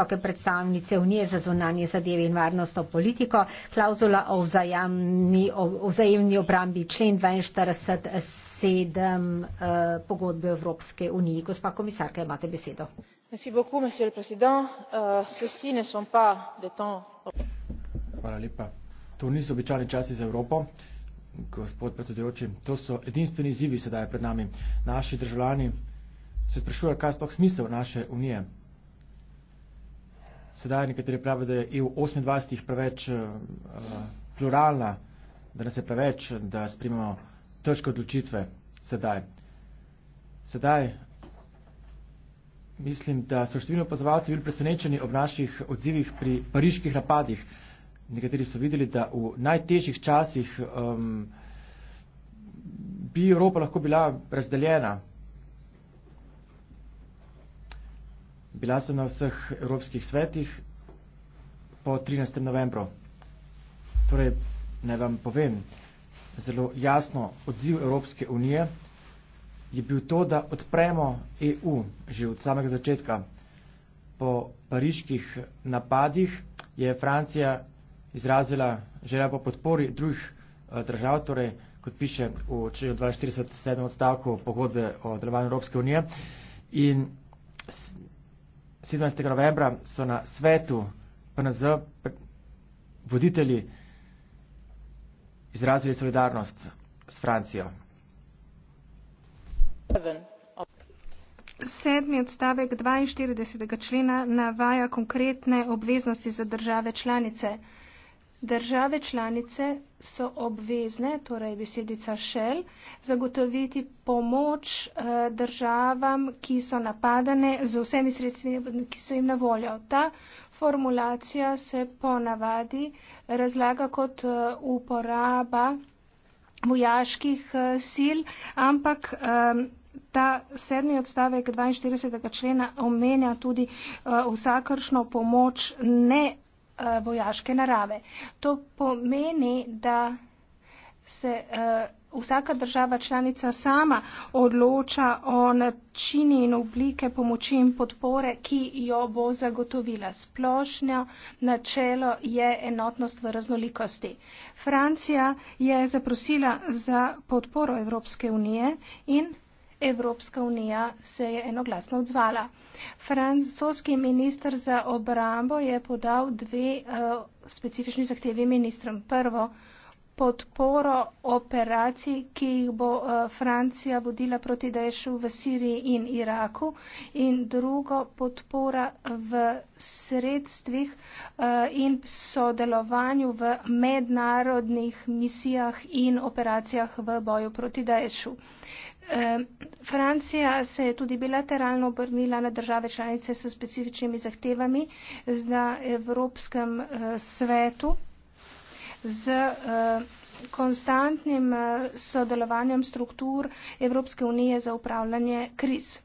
visoke predstavnice Unije za zunanje zadeve in varnostno politiko, klauzula o vzajemni, o vzajemni obrambi člen 247 eh, pogodbe Evropske unije. Gospa komisarka, imate besedo. Eh, Hvala lepa. To niso običajni časi za Evropo. Gospod predsedujoči, to so edinstveni izzivi sedaj pred nami. Naši državljani se sprašujejo, kaj je sploh smisel naše unije sedaj nekateri pravijo, da je EU 28 preveč uh, pluralna, da nas je preveč, da sprimemo težke odločitve sedaj. Sedaj mislim, da so številni opazovalci bili presenečeni ob naših odzivih pri pariških napadih. Nekateri so videli, da v najtežjih časih um, bi Evropa lahko bila razdeljena, Bila sem na vseh evropskih svetih po 13. novembru. Torej, ne vam povem, zelo jasno odziv Evropske unije je bil to, da odpremo EU že od samega začetka. Po pariških napadih je Francija izrazila želja po podpori drugih eh, držav, torej, kot piše v členu 247 odstavku pogodbe o delovanju Evropske unije. In 17. novembra so na svetu PNZ voditelji izrazili solidarnost s Francijo. Sedmi odstavek 42. člena navaja konkretne obveznosti za države članice. Države članice so obvezne, torej besedica šel, zagotoviti pomoč eh, državam, ki so napadane z vsemi sredstvi, ki so jim na voljo. Ta formulacija se ponavadi razlaga kot eh, uporaba vojaških eh, sil, ampak ta sedmi odstavek 42. člena omenja tudi vsakršno pomoč ne Eh, vojaške narave. To pomeni, da se eh, vsaka država članica sama odloča o načini in oblike pomoči in podpore, ki jo bo zagotovila. Splošno načelo je enotnost v raznolikosti. Francija je zaprosila za podporo Evropske unije in Evropska unija se je enoglasno odzvala. Francoski minister za obrambo je podal dve uh, specifični zahtevi ministrom. Prvo, podporo operaciji, ki jih bo uh, Francija vodila proti Daešu v Siriji in Iraku in drugo, podpora v sredstvih uh, in sodelovanju v mednarodnih misijah in operacijah v boju proti Daešu. Francija se je tudi bilateralno obrnila na države članice s specifičnimi zahtevami na Evropskem eh, svetu z eh, konstantnim eh, sodelovanjem struktur Evropske unije za upravljanje kriz.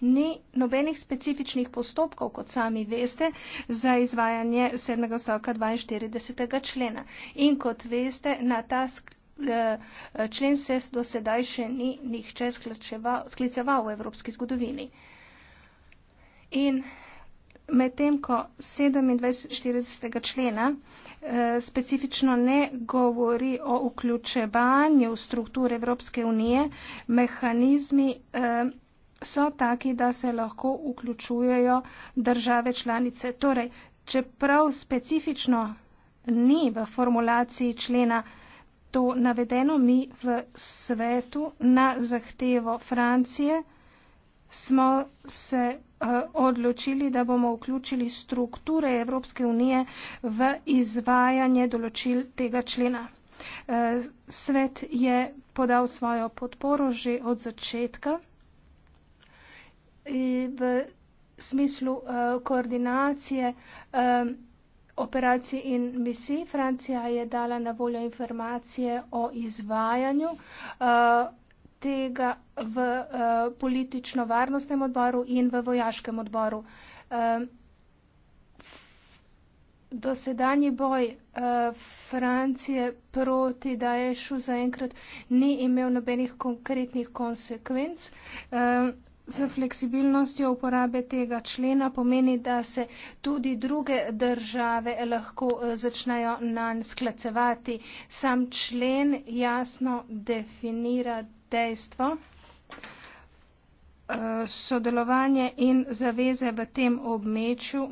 Ni nobenih specifičnih postopkov, kot sami veste, za izvajanje 7. stavka 42. člena. In kot veste, na ta sklep Eh, člen se do sedaj še ni nihče skliceval v evropski zgodovini. In medtem, ko 27. člena eh, specifično ne govori o vključevanju struktur Evropske unije, mehanizmi eh, so taki, da se lahko vključujejo države članice. Torej, čeprav specifično ni v formulaciji člena to navedeno, mi v svetu na zahtevo Francije smo se uh, odločili, da bomo vključili strukture Evropske unije v izvajanje določil tega člena. Uh, svet je podal svojo podporo že od začetka eh, v smislu uh, koordinacije. Uh, operacij in misij. Francija je dala na voljo informacije o izvajanju uh, tega v uh, eh, politično-varnostnem odboru in v vojaškem odboru. Uh, Dosedanji boj uh, Francije proti Daješu zaenkrat ni imel nobenih konkretnih konsekvenc. Uh, Z fleksibilnostjo uporabe tega člena pomeni, da se tudi druge države lahko eh, začnejo na nj sklacevati. Sam člen jasno definira dejstvo eh, sodelovanje in zaveze v tem območju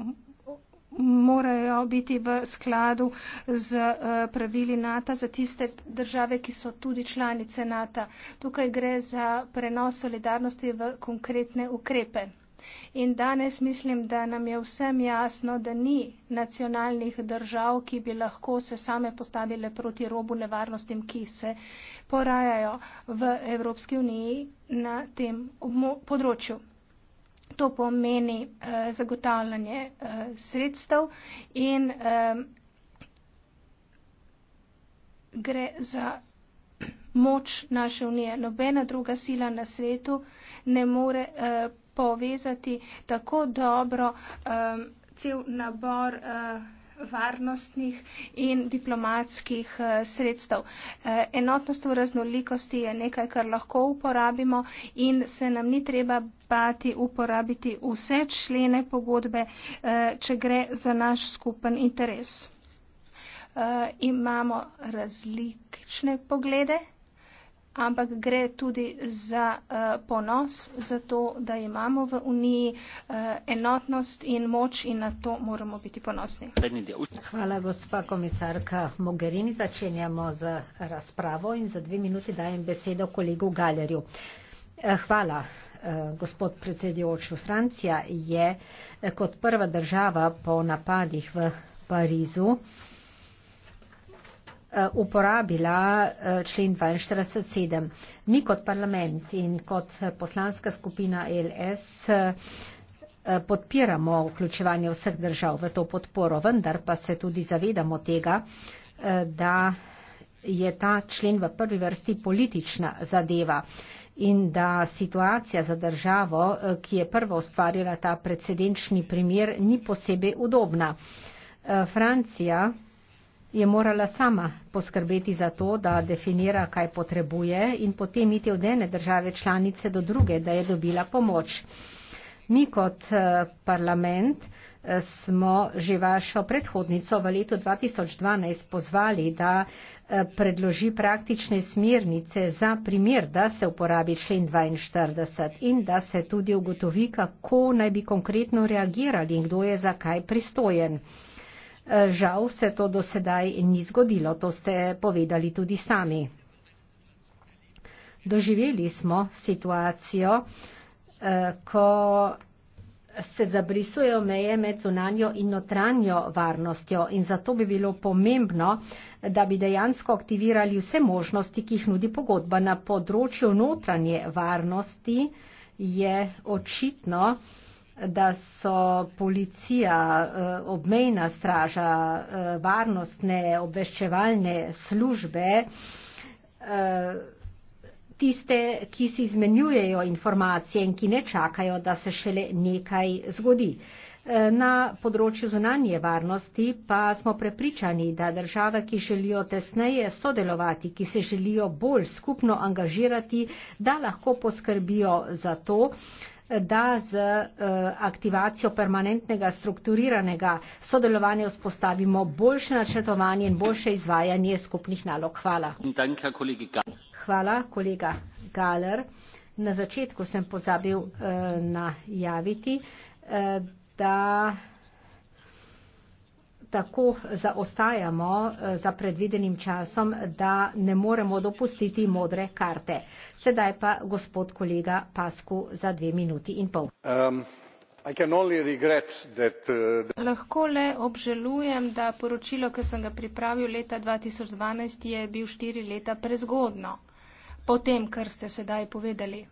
morajo biti v skladu z eh, pravili NATO za tiste države, ki so tudi članice NATO. Tukaj gre za prenos solidarnosti v konkretne ukrepe. In danes mislim, da nam je vsem jasno, da ni nacionalnih držav, ki bi lahko se same postavile proti robu nevarnostim, ki se porajajo v Evropski uniji na tem področju to pomeni eh, zagotavljanje eh, sredstev in eh, gre za moč naše unije. Nobena druga sila na svetu ne more eh, povezati tako dobro eh, cel nabor. Eh, varnostnih in diplomatskih eh, sredstev. Eh, enotnost v raznolikosti je nekaj, kar lahko uporabimo in se nam ni treba bati uporabiti vse člene pogodbe, eh, če gre za naš skupen interes. Imamo različne poglede ampak gre tudi za uh, ponos, za to, da imamo v Uniji uh, enotnost in moč in na to moramo biti ponosni. Hvala, gospa komisarka Mogherini. Začenjamo z razpravo in za dve minuti dajem besedo kolegu Galerju. Eh, hvala, gospod predsedujoči. Francija je kot prva država po napadih v Parizu Eh, uporabila eh, člen 42.7. Mi kot parlament in kot poslanska skupina LS eh, podpiramo vključevanje vseh držav v to podporo, vendar pa se tudi zavedamo tega, da je ta člen v prvi vrsti politična zadeva in da situacija za državo, ki je prvo ustvarila ta precedenčni primer, ni posebej udobna. Francija je morala sama poskrbeti za to, da definira, kaj potrebuje in potem iti od ene države članice do druge, da je dobila pomoč. Mi kot eh, parlament eh, smo že vašo predhodnico v letu 2012 pozvali, da eh, predloži praktične smernice za primer, da se uporabi člen 42 in da se tudi ugotovi, kako naj bi konkretno reagirali in kdo je zakaj pristojen. Žal se to do sedaj ni zgodilo, to ste povedali tudi sami. Doživeli smo situacijo, eh, ko se zabrisujejo meje med zunanjo in notranjo varnostjo in zato bi bilo pomembno, da bi dejansko aktivirali vse možnosti, ki jih nudi pogodba na področju notranje varnosti, je očitno, da so policija, eh, obmejna straža, eh, varnostne, obveščevalne službe eh, tiste, ki si izmenjujejo informacije in ki ne čakajo, da se šele nekaj zgodi. Na področju zunanje varnosti pa smo prepričani, da države, ki želijo tesneje sodelovati, ki se želijo bolj skupno angažirati, da lahko poskrbijo za to, da z eh, aktivacijo permanentnega strukturiranega sodelovanja vzpostavimo boljše načrtovanje in boljše izvajanje skupnih nalog. Hvala. Hvala, kolega Galer. Na začetku sem pozabil eh, najaviti, eh, da tako zaostajamo eh, za predvidenim časom, da ne moremo dopustiti modre karte. Sedaj pa gospod kolega Pasku za dve minuti in pol. Um. Uh, Lahko le obžalujem, da poročilo, ki sem ga pripravil leta 2012, je bil štiri leta prezgodno, po tem, kar ste sedaj povedali.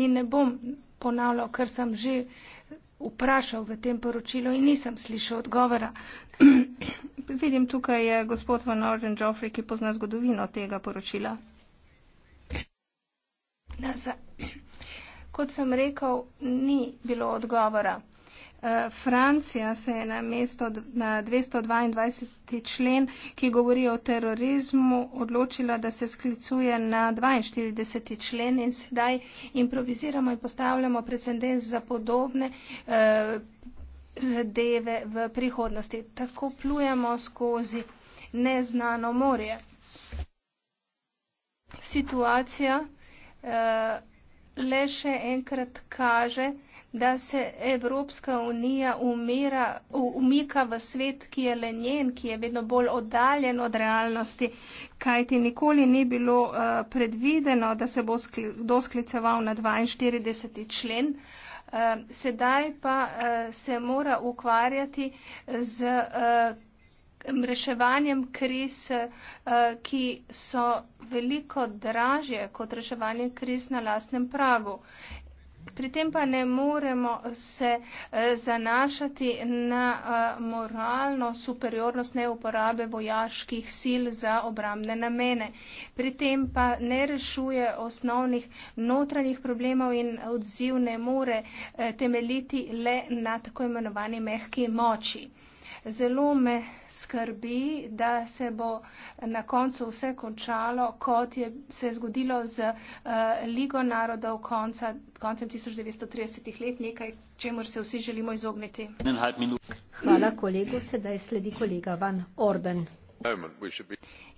In ne bom ponavljal, kar sem že vprašal v tem poročilu in nisem slišal odgovora. Vidim, tukaj je gospod Van Orden Joffrey, ki pozna zgodovino tega poročila. Kot sem rekel, ni bilo odgovora. Eh, Francija se je na mesto na 222. člen, ki govori o terorizmu, odločila, da se sklicuje na 42. člen in sedaj improviziramo in postavljamo precedens za podobne eh, zadeve v prihodnosti. Tako plujemo skozi neznano morje. Situacija eh, le še enkrat kaže, da se Evropska unija umira, umika v svet, ki je le njen, ki je vedno bolj oddaljen od realnosti, kajti nikoli ni bilo uh, predvideno, da se bo skli, doskliceval na 42. člen. Uh, sedaj pa uh, se mora ukvarjati z uh, reševanjem kriz, uh, ki so veliko dražje kot reševanje kriz na lastnem pragu. Pri tem pa ne moremo se eh, zanašati na eh, moralno superiornost neuporabe vojaških sil za obramne namene. Pri tem pa ne rešuje osnovnih notranjih problemov in odziv ne more eh, temeljiti le na tako imenovani mehki moči. Zelo me skrbi, da se bo na koncu vse končalo, kot je se zgodilo z uh, Ligo narodov konca, koncem 1930-ih let, nekaj, čemu se vsi želimo izogniti. Hvala kolegu, sedaj sledi kolega Van Orden.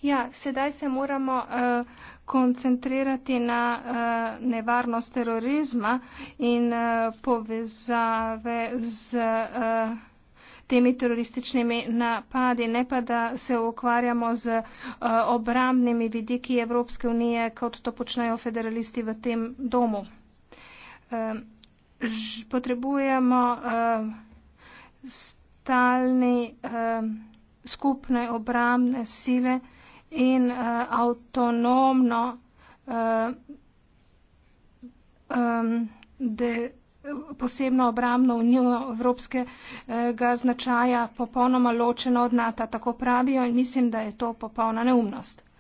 Ja, sedaj se moramo uh, koncentrirati na uh, nevarnost terorizma in uh, povezave z. Uh, temi terorističnimi napadi, ne pa da se ukvarjamo z eh, obramnimi vidiki Evropske unije, kot to počnejo federalisti v tem domu. Ehm, potrebujemo eh, stalni ehm, skupne obramne sile in eh, avtonomno ehm, de posebno obramno unijo evropskega značaja popolnoma ločeno od NATO, tako pravijo in mislim, da je to popolna neumnost.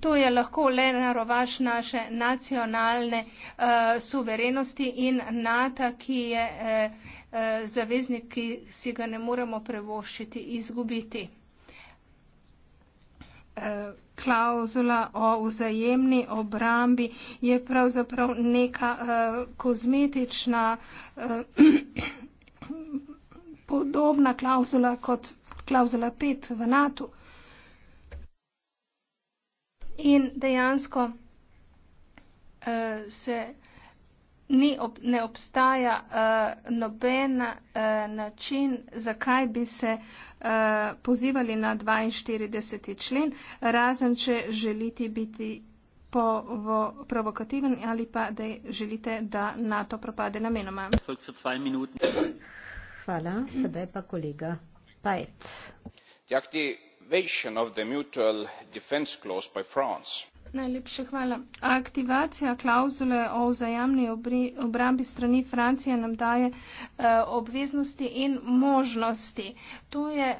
To je lahko le narovaš naše nacionalne uh, suverenosti in NATO, ki je uh, uh, zaveznik, ki si ga ne moremo prevoščiti, izgubiti. Uh, klauzula o vzajemni obrambi je pravzaprav neka uh, kozmetična uh, podobna klauzula kot klauzula 5 v NATO. In dejansko uh, se ni ob, ne obstaja uh, noben uh, način, zakaj bi se uh, pozivali na 42. člen, razen če želite biti provokativen ali pa da želite, da NATO propade namenoma. Hvala. Sedaj pa kolega Pajec. Najlepša hvala. Aktivacija klauzule o vzajamni obrambi strani Francije nam daje eh, obveznosti in možnosti. To je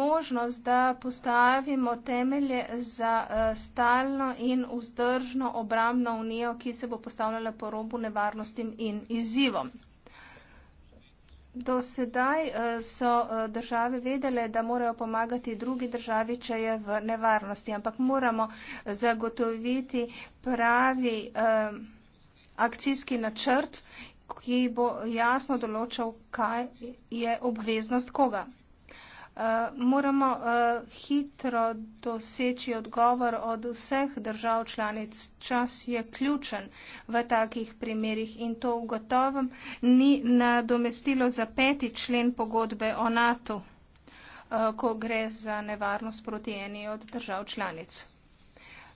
možnost, da postavimo temelje za eh, stalno in vzdržno obrambno unijo, ki se bo postavljala po robu nevarnostim in izzivom. Do sedaj eh, so eh, države vedele, da morajo pomagati drugi državi, če je v nevarnosti, ampak moramo zagotoviti pravi eh, akcijski načrt, ki bo jasno določal, kaj je obveznost koga. Eh, moramo eh, hitro doseči odgovor od vseh držav članic. Čas je ključen v takih primerjih in to ugotovim ni nadomestilo za peti člen pogodbe o NATO, eh, ko gre za nevarnost proti eni od držav članic.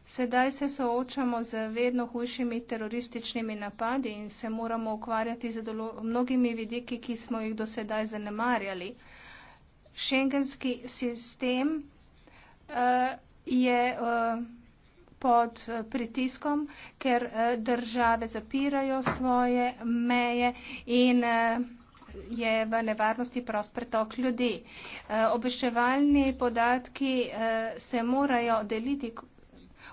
Sedaj se soočamo z vedno hujšimi terorističnimi napadi in se moramo ukvarjati z mnogimi vidiki, ki smo jih do sedaj zanemarjali šengenski sistem uh, je uh, pod eh, pritiskom, ker uh, države zapirajo svoje meje in uh, je v nevarnosti prost pretok ljudi. Uh, obveščevalni podatki uh, se morajo deliti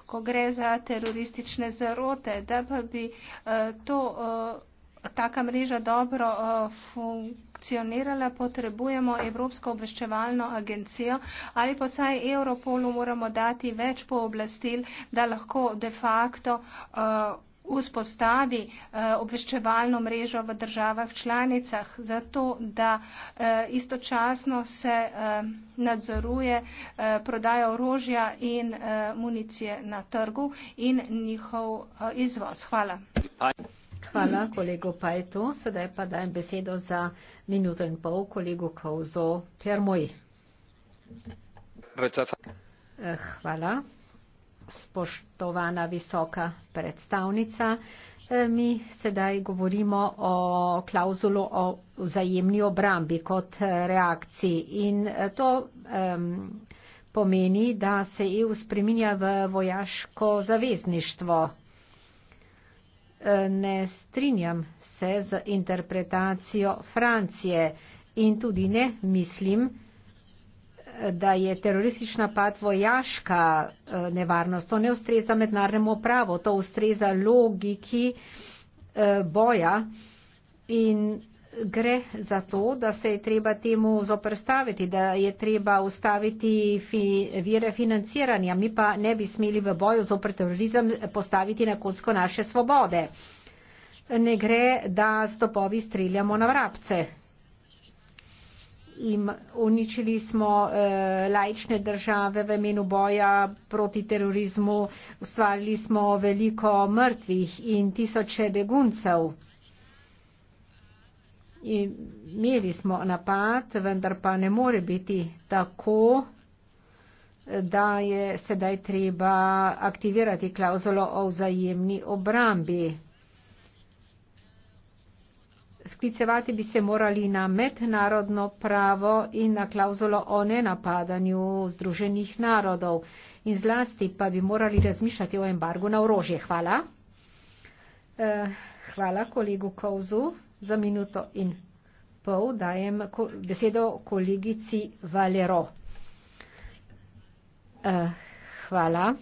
ko gre za teroristične zarote, da pa bi uh, to, uh, taka mreža dobro uh, funkcionirala funkcionirala, potrebujemo Evropsko obveščevalno agencijo ali pa vsaj Europolu moramo dati več pooblastil, da lahko de facto uh, vzpostavi uh, obveščevalno mrežo v državah članicah, zato da uh, istočasno se uh, nadzoruje uh, prodaja orožja in uh, municije na trgu in njihov uh, izvoz. Hvala. Hi. Hvala kolego Pajtu. Sedaj pa dajem besedo za minuto in pol kolegu Kauzo Permoji. Hvala. Spoštovana visoka predstavnica, eh, mi sedaj govorimo o klauzulu o vzajemni obrambi kot reakciji in eh, to um, pomeni, da se EU spreminja v vojaško zavezništvo ne strinjam se z interpretacijo Francije in tudi ne mislim, da je teroristična pad vojaška eh, nevarnost. To ne ustreza mednarodnemu pravu, to ustreza logiki eh, boja in gre za to, da se je treba temu zoprstaviti, da je treba ustaviti fi, vire financiranja. Mi pa ne bi smeli v boju zopr terorizem postaviti na kocko naše svobode. Ne gre, da stopovi streljamo na vrabce. In uničili smo eh, lajčne države v imenu boja proti terorizmu, ustvarili smo veliko mrtvih in tisoče beguncev imeli smo napad, vendar pa ne more biti tako, da je sedaj treba aktivirati klauzulo o vzajemni obrambi. Sklicevati bi se morali na mednarodno pravo in na klauzulo o nenapadanju Združenih narodov in zlasti pa bi morali razmišljati o embargu na orožje. Hvala. Eh, hvala kolegu Kozu za minuto in pol dajem ko besedo kolegici Valero. Uh, hvala.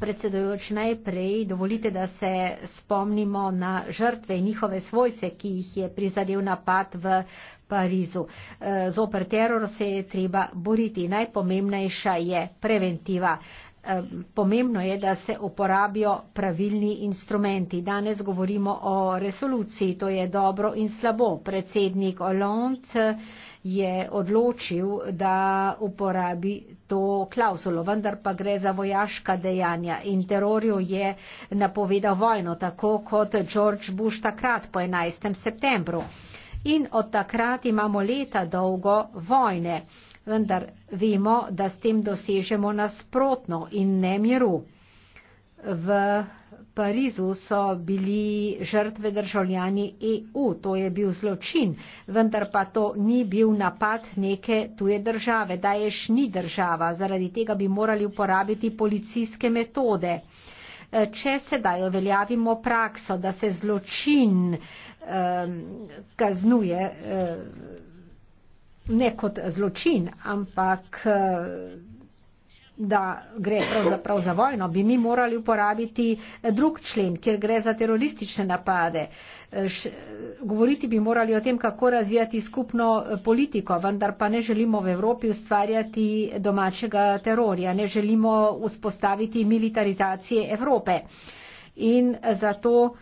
Predsedujoč, najprej dovolite, da se spomnimo na žrtve in njihove svojce, ki jih je prizadel napad v Parizu. Eh, zoper teror se je treba boriti. Najpomembnejša je preventiva. Uh, pomembno je, da se uporabijo pravilni instrumenti. Danes govorimo o resoluciji, to je dobro in slabo. Predsednik Hollande je odločil, da uporabi to klauzulo, vendar pa gre za vojaška dejanja in terorju je napovedal vojno, tako kot George Bush takrat po 11. septembru. In od takrat imamo leta dolgo vojne vendar vemo, da s tem dosežemo nasprotno in ne miru. V Parizu so bili žrtve državljani EU, to je bil zločin, vendar pa to ni bil napad neke tuje države. Daješ ni država, zaradi tega bi morali uporabiti policijske metode. Če sedaj uveljavimo prakso, da se zločin um, kaznuje. Um, ne kot zločin, ampak da gre pravzaprav za vojno, bi mi morali uporabiti drug člen, kjer gre za teroristične napade. Š, govoriti bi morali o tem, kako razvijati skupno politiko, vendar pa ne želimo v Evropi ustvarjati domačega terorija, ne želimo vzpostaviti militarizacije Evrope. In zato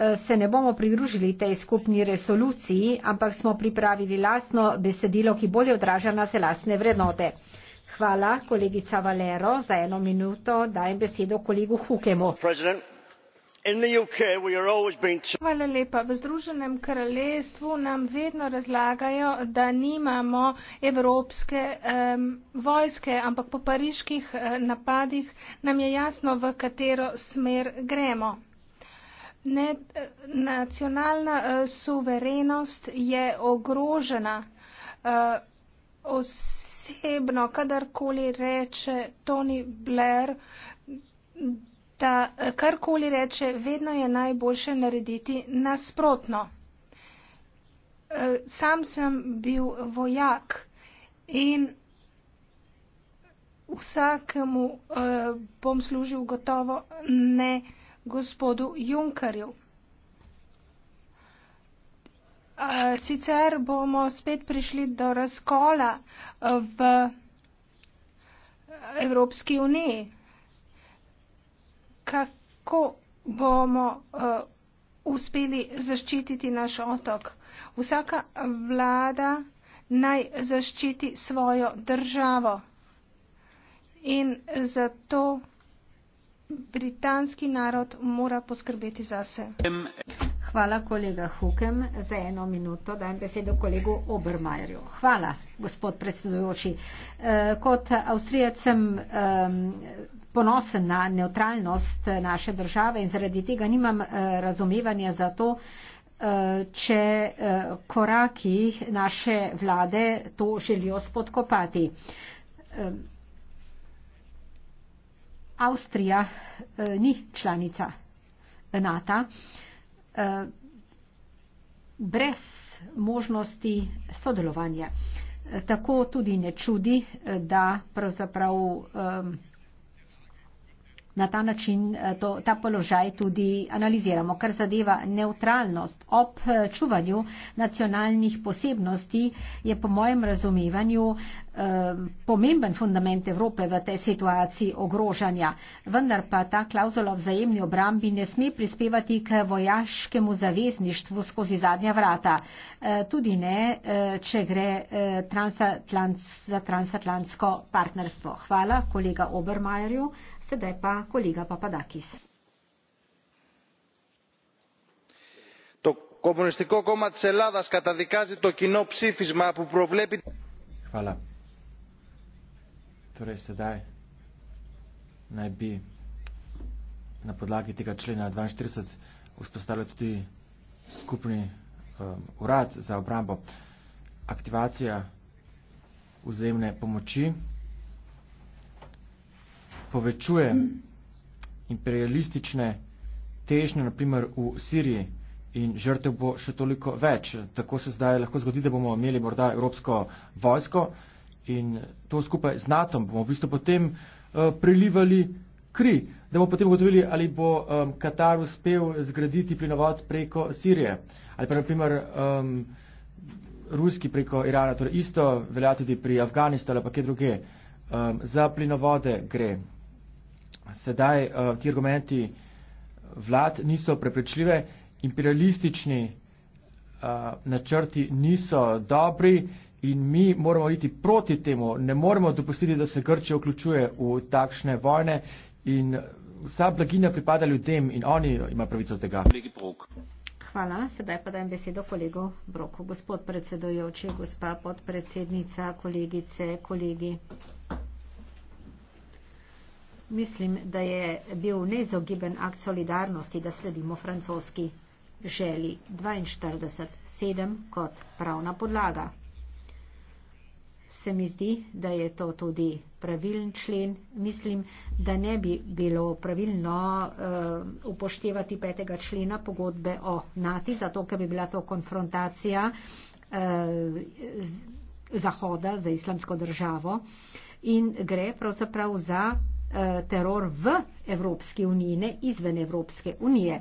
Eh, se ne bomo pridružili tej skupni resoluciji, ampak smo pripravili lasno besedilo, ki bolje odraža naše lastne vrednote. Hvala, kolegica Valero, za eno minuto dajem besedo kolegu Hukemu. Hvala lepa. V Združenem kraljestvu nam vedno razlagajo, da nimamo evropske um, vojske, ampak po pariških uh, napadih nam je jasno, v katero smer gremo ne, nacionalna uh, suverenost je ogrožena. Uh, osebno, kadarkoli reče Tony Blair, da eh, karkoli reče, vedno je najboljše narediti nasprotno. Sam sem bil vojak in vsakemu uh, bom služil gotovo ne. Uh, gospodu Junkerju. Sicer bomo spet prišli do razkola v Evropski uniji. Kako bomo uspeli zaščititi naš otok? Vsaka vlada naj zaščiti svojo državo in zato britanski narod mora poskrbeti zase. Hvala, kolega Hukem, za eno minuto dajem besedo kolegu Obermajerju. Hvala, gospod predsedujoči. Eh, kot Avstrijac sem ponosen na neutralnost naše države in zaradi tega nimam eh, razumevanja za to, eh, če koraki naše vlade to želijo spodkopati. Avstrija eh, ni članica NATO. Eh, brez možnosti sodelovanja. Eh, tako tudi ne čudi, eh, da pravzaprav eh, na ta način eh, to, ta položaj tudi analiziramo. Kar zadeva neutralnost ob eh, čuvanju nacionalnih posebnosti, je po mojem razumevanju eh, pomemben fundament Evrope v tej situaciji ogrožanja. Vendar pa ta klauzula vzajemni obrambi ne sme prispevati k vojaškemu zavezništvu skozi zadnja vrata. Tudi ne, če gre transatlant, za transatlantsko partnerstvo. Hvala, kolega Obermajerju. Sedaj pa kolega Papadakis. Hvala. Torej sedaj naj bi na podlagi tega člena 42 vzpostavljal tudi skupni um, urad za obrambo. Aktivacija vzajemne pomoči povečuje imperialistične težnje, naprimer v Siriji in žrtev bo še toliko več. Tako se zdaj lahko zgodi, da bomo imeli morda evropsko vojsko in to skupaj z NATO bomo v bistvu potem eh, prelivali kri, da bomo potem ugotovili, ali bo um, Katar uspel zgraditi plinovod preko Sirije ali pa naprimer um, eh, ruski preko Irana. Torej isto velja tudi pri Afganistanu ali pa kje druge. Um, za plinovode gre sedaj uh, ti argumenti vlad niso preprečljive, imperialistični uh, načrti niso dobri in mi moramo iti proti temu. Ne moremo dopustiti, da se Grčija vključuje v takšne vojne in vsa blaginja pripada ljudem in oni imajo pravico tega. Hvala. Sedaj pa dajem besedo kolegu Broku. Gospod predsedojoči, gospa podpredsednica, kolegice, kolegi. Mislim, da je bil neizogiben akt solidarnosti, da sledimo francoski želi 42.7 kot pravna podlaga. Se mi zdi, da je to tudi pravilen člen. Mislim, da ne bi bilo pravilno uh, upoštevati petega člena pogodbe o NATO, zato ker bi bila to konfrontacija uh, z, Zahoda za islamsko državo. In gre pravzaprav za Eh, teror v Evropski uniji, ne izven Evropske unije.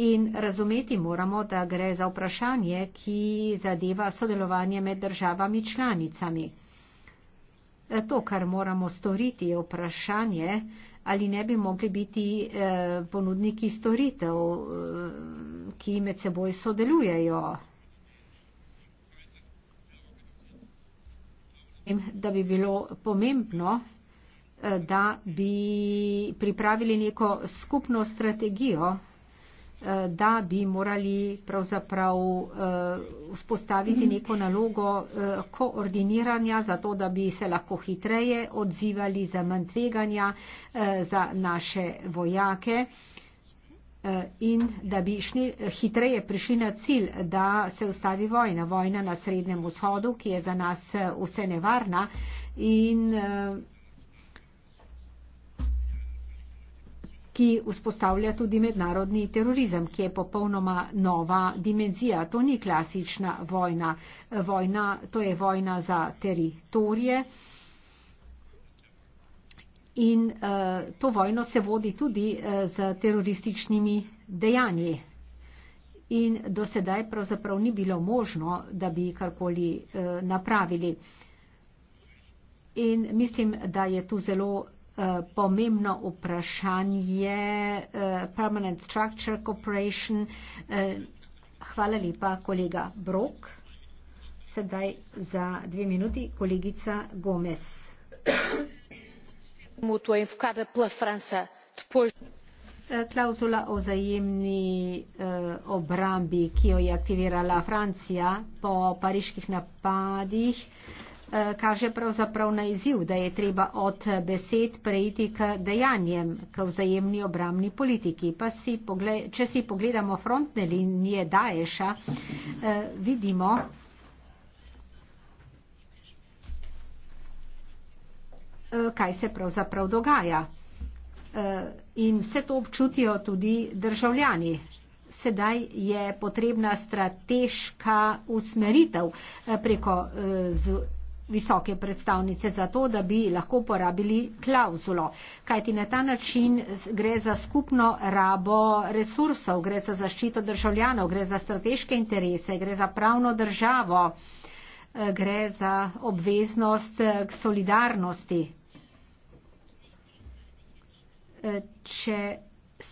In razumeti moramo, da gre za vprašanje, ki zadeva sodelovanje med državami članicami. Eh, to, kar moramo storiti, je vprašanje, ali ne bi mogli biti eh, ponudniki storitev, ki med seboj sodelujejo. Da bi bilo pomembno, da bi pripravili neko skupno strategijo, eh, da bi morali pravzaprav eh, vzpostaviti neko nalogo eh, koordiniranja, zato da bi se lahko hitreje odzivali za manj tveganja za naše vojake in da bi šli, hitreje prišli na cilj, da se ustavi vojna, vojna na Srednjem vzhodu, ki je za nas vse nevarna. In, ki vzpostavlja tudi mednarodni terorizem, ki je popolnoma nova dimenzija. To ni klasična vojna. vojna to je vojna za teritorije. In uh, to vojno se vodi tudi uh, eh, z terorističnimi dejanji. In do sedaj pravzaprav ni bilo možno, da bi karkoli uh, napravili. In mislim, da je tu zelo Eh, pomembno vprašanje eh, Permanent Structure Corporation. Eh, hvala lepa, kolega Brok. Sedaj za dve minuti kolegica Gomez. Klauzula o zajemni obrambi, ki jo je aktivirala Francija po pariških napadih, kaže pravzaprav na izziv, da je treba od besed prejiti k dejanjem, k vzajemni obramni politiki. Pa si pogled, če si pogledamo frontne linije Daesha, eh, vidimo, eh, kaj se pravzaprav dogaja. Eh, in vse to občutijo tudi državljani. Sedaj je potrebna strateška usmeritev preko visoke predstavnice za to, da bi lahko porabili klauzulo. Kajti na ta način gre za skupno rabo resursov, gre za zaščito državljanov, gre za strateške interese, gre za pravno državo, eh, gre za obveznost eh, k solidarnosti. Eh, če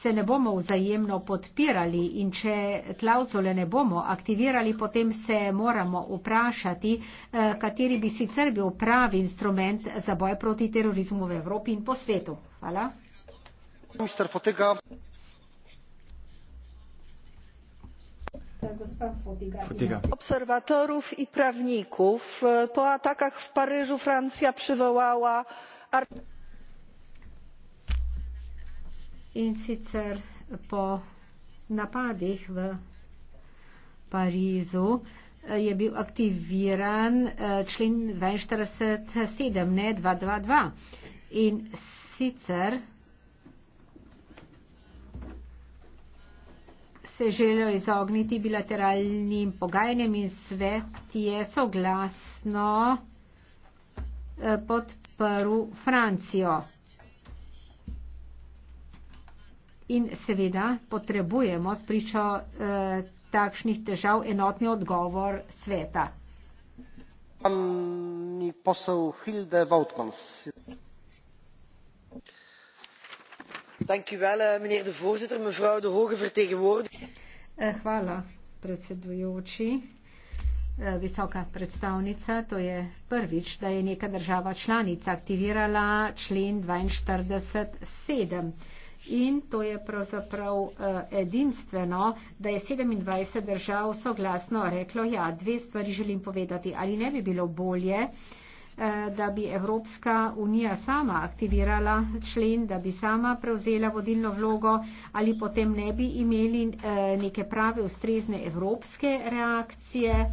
se ne bomo vzajemno podpirali in če klauzule ne bomo aktivirali, potem se moramo vprašati, eh, kateri bi sicer bil pravi instrument za boj proti terorizmu v Evropi in po svetu. Hvala. Observatorjev in pravnikov po atakah v Parižu Francija privolala in sicer po napadih v Parizu eh, je bil aktiviran eh, člen 247, ne 222. In sicer se želijo izogniti bilateralnim pogajanjem in svet je soglasno eh, podprl Francijo. In seveda potrebujemo spričo eh, takšnih težav enotni odgovor sveta. Posel Hilde Woutmans. Wel, eh, de voorzitter, mevrouw, de hoge eh, Hvala, predsedujoči. Eh, visoka predstavnica, to je prvič, da je neka država članica aktivirala člen 427 in to je pravzaprav eh, edinstveno, da je 27 držav soglasno reklo, ja, dve stvari želim povedati, ali ne bi bilo bolje, eh, da bi Evropska unija sama aktivirala člen, da bi sama prevzela vodilno vlogo ali potem ne bi imeli eh, neke prave ustrezne evropske reakcije.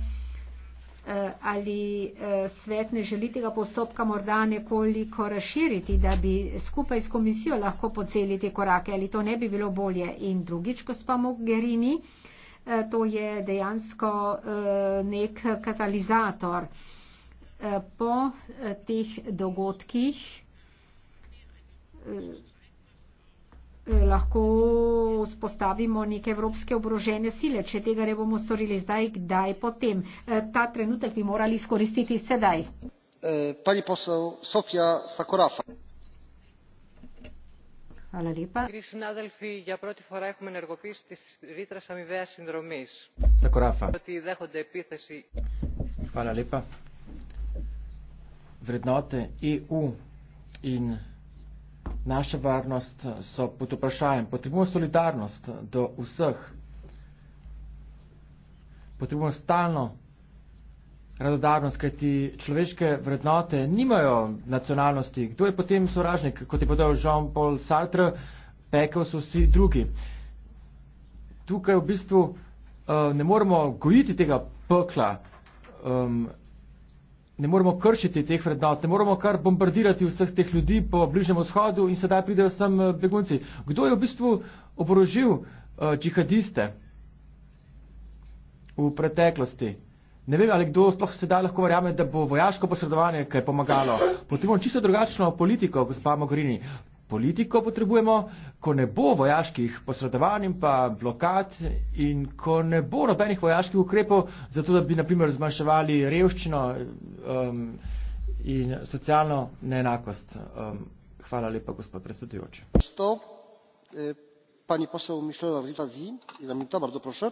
Eh, ali eh, svet ne želi tega postopka morda nekoliko razširiti, da bi skupaj s komisijo lahko poceli te korake, ali to ne bi bilo bolje. In drugič, gospa Mogherini, eh, to je dejansko nek katalizator. Po teh dogodkih lahko spostavimo neke evropske obrožene sile. Če tega ne bomo storili zdaj, kdaj potem? E, ta trenutek bi morali izkoristiti sedaj. E, pani posel Sofija Sakorafa. Hvala lepa. Sakorafa. Hvala lepa. Vrednote EU in naša varnost eh, so pod vprašanjem. Potrebujemo solidarnost do vseh. Potrebujemo stalno radodarnost, kajti človeške vrednote nimajo nacionalnosti. Kdo je potem sovražnik, kot je povedal Jean-Paul Sartre, pekel so vsi drugi. Tukaj v bistvu uh, ne moremo gojiti tega pekla. Um, ne moremo kršiti teh vrednot, ne moremo kar bombardirati vseh teh ljudi po bližnjem vzhodu in sedaj pridejo sem eh, begunci. Kdo je v bistvu oborožil uh, džihadiste v preteklosti? Ne vem, ali kdo sploh sedaj lahko verjame, da bo vojaško posredovanje kaj pomagalo. Potem imamo čisto drugačno politiko, gospa Mogrini politiko potrebujemo, ko ne bo vojaških posredovanj in pa blokad in ko ne bo nobenih vojaških ukrepov, zato da bi naprimer zmanjševali revščino um, in socialno neenakost. Um, hvala lepa, gospod predsedujoči. E, pani poseł Michelle Rivasi, za minuto, bardzo proszę.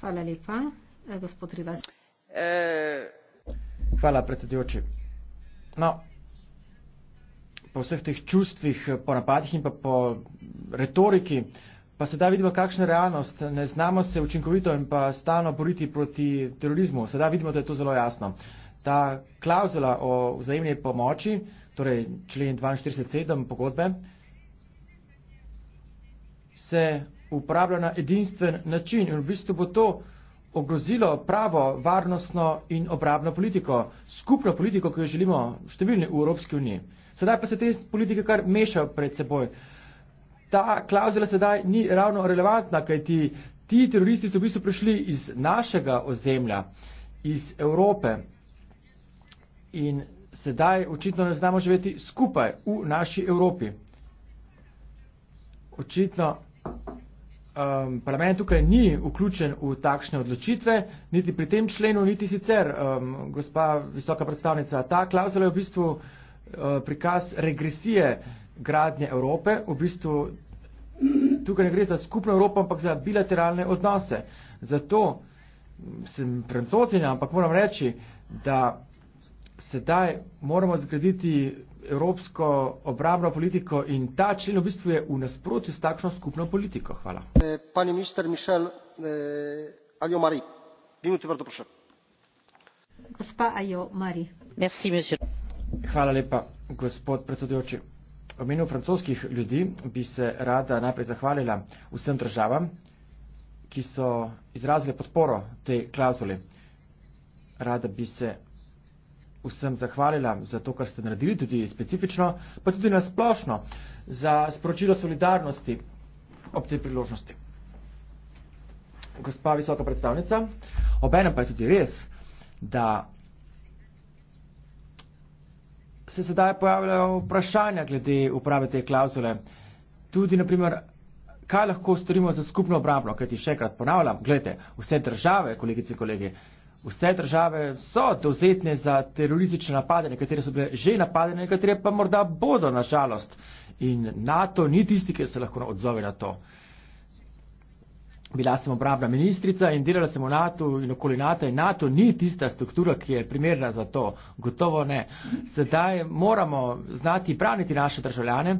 Hvala lepa, e, gospod Rivasi. E... Hvala predsedujoči. No, po vseh teh čustvih, po napadih in pa po retoriki, pa sedaj vidimo, kakšna je realnost. Ne znamo se učinkovito in pa stalno boriti proti terorizmu. Sedaj vidimo, da je to zelo jasno. Ta klauzula o vzajemni pomoči, torej člen 42.7 pogodbe, se uporablja na edinstven način in v bistvu bo to ogrozilo pravo varnostno in obrabno politiko, skupno politiko, ki jo želimo številni v Evropski uniji. Sedaj pa se te politike kar mešajo pred seboj. Ta klauzula sedaj ni ravno relevantna, kaj ti, ti teroristi so v bistvu prišli iz našega ozemlja, iz Evrope in sedaj očitno ne znamo živeti skupaj v naši Evropi. Očitno um, parlament tukaj ni vključen v takšne odločitve, niti pri tem členu, niti sicer, um, gospa visoka predstavnica, ta klauzula je v bistvu uh, prikaz regresije gradnje Evrope, v bistvu tukaj ne gre za skupno Evropo, ampak za bilateralne odnose. Zato sem francozina, ampak moram reči, da sedaj moramo zgraditi evropsko obrambno politiko in ta člen v bistvu je v nasprotju s takšno skupno politiko. Hvala. E, e, Hvala lepa, gospod predsedujoči. V imenu francoskih ljudi bi se rada najprej zahvalila vsem državam, ki so izrazile podporo tej klauzuli. Rada bi se vsem zahvalila za to, kar ste naredili, tudi specifično, pa tudi nasplošno za sporočilo solidarnosti ob tej priložnosti. Gospa visoka predstavnica, obenem pa je tudi res, da se sedaj pojavljajo vprašanja glede uprave te klauzule. Tudi, naprimer, kaj lahko storimo za skupno obrambno, kajti še enkrat ponavljam, gledajte, vse države, kolegice in kolegi, vse države so dovzetne za teroristične napade, nekatere so bile že napadene, nekatere pa morda bodo, nažalost. In NATO ni tisti, ki se lahko odzove na to. Bila sem obrambna ministrica in delala sem v NATO in okoli NATO in NATO ni tista struktura, ki je primerna za to. Gotovo ne. Sedaj moramo znati braniti naše državljane.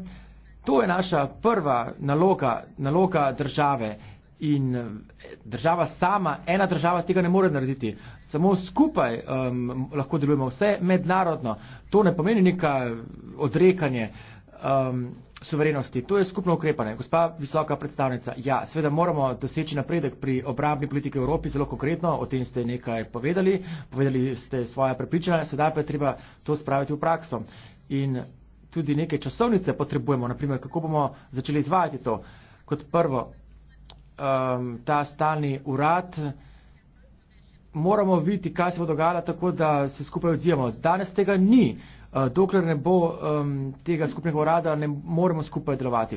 To je naša prva naloga, naloga države in eh, država sama, ena država tega ne more narediti. Samo skupaj um, lahko delujemo vse mednarodno. To ne pomeni neka odrekanje um, suverenosti, to je skupno ukrepanje. Gospa visoka predstavnica, ja, sveda moramo doseči napredek pri obrambni politiki v Evropi, zelo konkretno, o tem ste nekaj povedali, povedali ste svoje prepričanja, sedaj pa je treba to spraviti v prakso. In tudi neke časovnice potrebujemo, naprimer, kako bomo začeli izvajati to. Kot prvo, um, ta stalni urad, moramo videti, kaj se bo dogajalo, tako da se skupaj odzivamo. Danes tega ni. Uh, dokler ne bo um, tega skupnega urada, ne moremo skupaj delovati.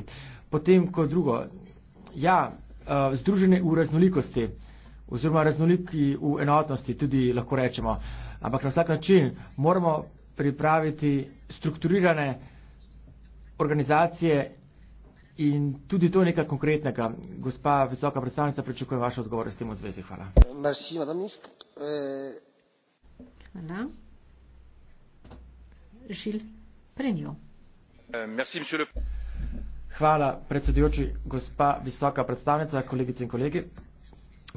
Potem, kot drugo, ja, uh, združene v raznolikosti oziroma raznoliki v enotnosti tudi lahko rečemo, ampak na vsak način moramo pripraviti strukturirane organizacije In tudi to je nekaj konkretnega. Gospa visoka predstavnica, pričakujem vaš odgovor s tem v zvezi. Hvala. Merci, madame ministre. Eh. Hvala. Žil Prenjo. Eh, merci, monsieur le... Hvala, predsedujoči, gospa visoka predstavnica, kolegice in kolegi.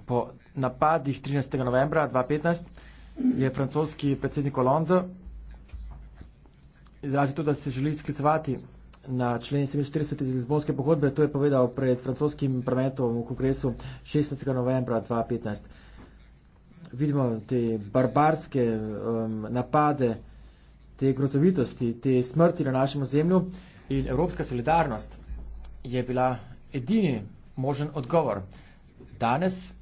Po napadih 13. novembra 2015 je francoski predsednik Hollande izrazil to, da se želi sklicovati na člen 47 iz Lizbonske pogodbe, to je povedal pred francoskim parlamentom v kongresu 16. novembra 2015. Vidimo te barbarske um, napade, te grotovitosti, te smrti na našem ozemlju in evropska solidarnost je bila edini možen odgovor. Danes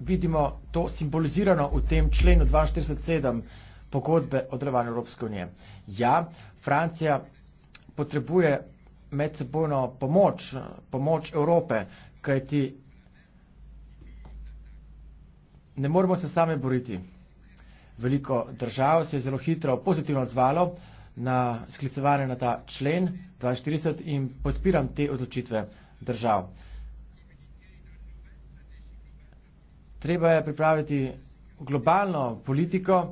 vidimo to simbolizirano v tem členu 427 pogodbe o delovanju Evropske unije. Ja, Francija potrebuje medsebojno pomoč, pomoč Evrope, kajti ne moremo se sami boriti. Veliko držav se je zelo hitro pozitivno odzvalo na sklicevanje na ta člen 42 in podpiram te odločitve držav. Treba je pripraviti globalno politiko,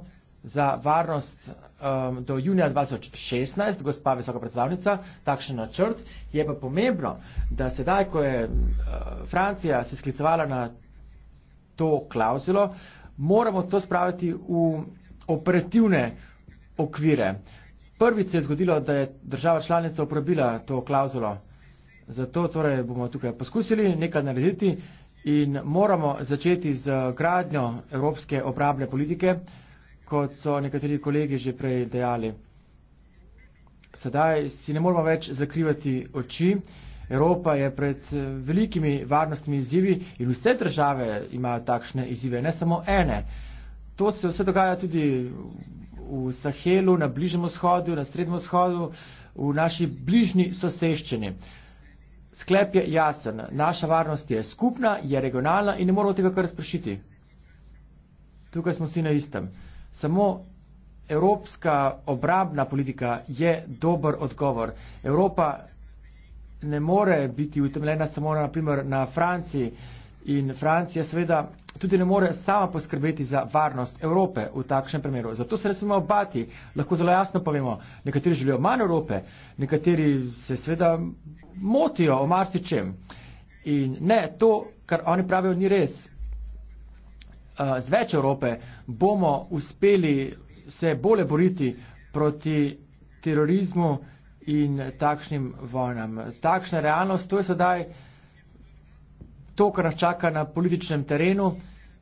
za varnost um, do junija 2016, gospa visoka predstavnica, takšen načrt. Je pa pomembno, da sedaj, ko je uh, Francija se sklicovala na to klauzulo, moramo to spraviti v operativne okvire. Prvič se je zgodilo, da je država članica uporabila to klauzulo. Zato torej bomo tukaj poskusili nekaj narediti in moramo začeti z gradnjo evropske obrabne politike. Uh, kot so nekateri kolegi že prej dejali. Sedaj si ne moramo več zakrivati oči. Evropa je pred eh, velikimi varnostnimi izzivi in vse države imajo takšne izzive, ne samo ene. To se vse dogaja tudi v Sahelu, na Bližnem vzhodu, na Srednjem vzhodu, v naši bližnji soseščini. Sklep je jasen, naša varnost je skupna, je regionalna in ne moramo tega kar sprašiti. Tukaj smo vsi na istem. Samo evropska obrabna politika je dober odgovor. Evropa ne more biti utemeljena samo na, naprimer, na Franciji in Francija seveda tudi ne more sama poskrbeti za varnost Evrope v takšnem primeru. Zato se ne smemo obati. Lahko zelo jasno povemo, nekateri želijo manj Evrope, nekateri se seveda motijo o marsičem. In ne, to, kar oni pravijo, ni res z več Evrope bomo uspeli se bolje boriti proti terorizmu in takšnim vojnam. Takšna realnost, to je sedaj to, kar nas čaka na političnem terenu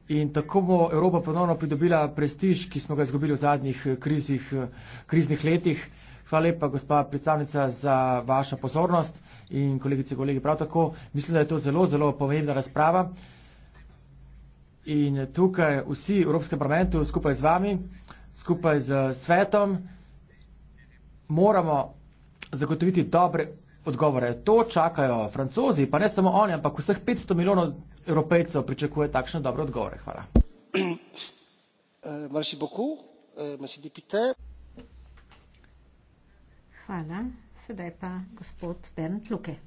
in tako bo Evropa ponovno pridobila prestiž, ki smo ga izgubili v zadnjih krizih, kriznih letih. Hvala lepa, gospa predstavnica, za vašo pozornost in kolegice in kolegi prav tako. Mislim, da je to zelo, zelo pomembna razprava in tukaj vsi v Evropskem parlamentu skupaj z vami, skupaj z svetom, moramo zagotoviti dobre odgovore. To čakajo francozi, pa ne samo oni, ampak vseh 500 milijonov evropejcev pričakuje takšne dobre odgovore. Hvala. Euh, Hvala. Sedaj pa gospod Bernd Luke.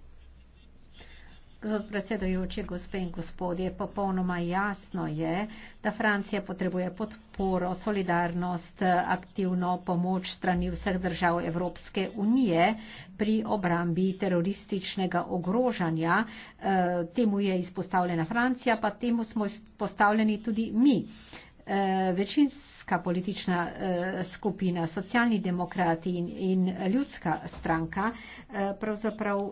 Gospod predsedujoči, gospe in gospodje, popolnoma jasno je, da Francija potrebuje podporo, solidarnost, aktivno pomoč strani vseh držav Evropske unije pri obrambi terorističnega ogrožanja. Eh, temu je izpostavljena Francija, pa temu smo izpostavljeni tudi mi. Eh, večinska politična eh, skupina, socialni demokrati in, in ljudska stranka pravzaprav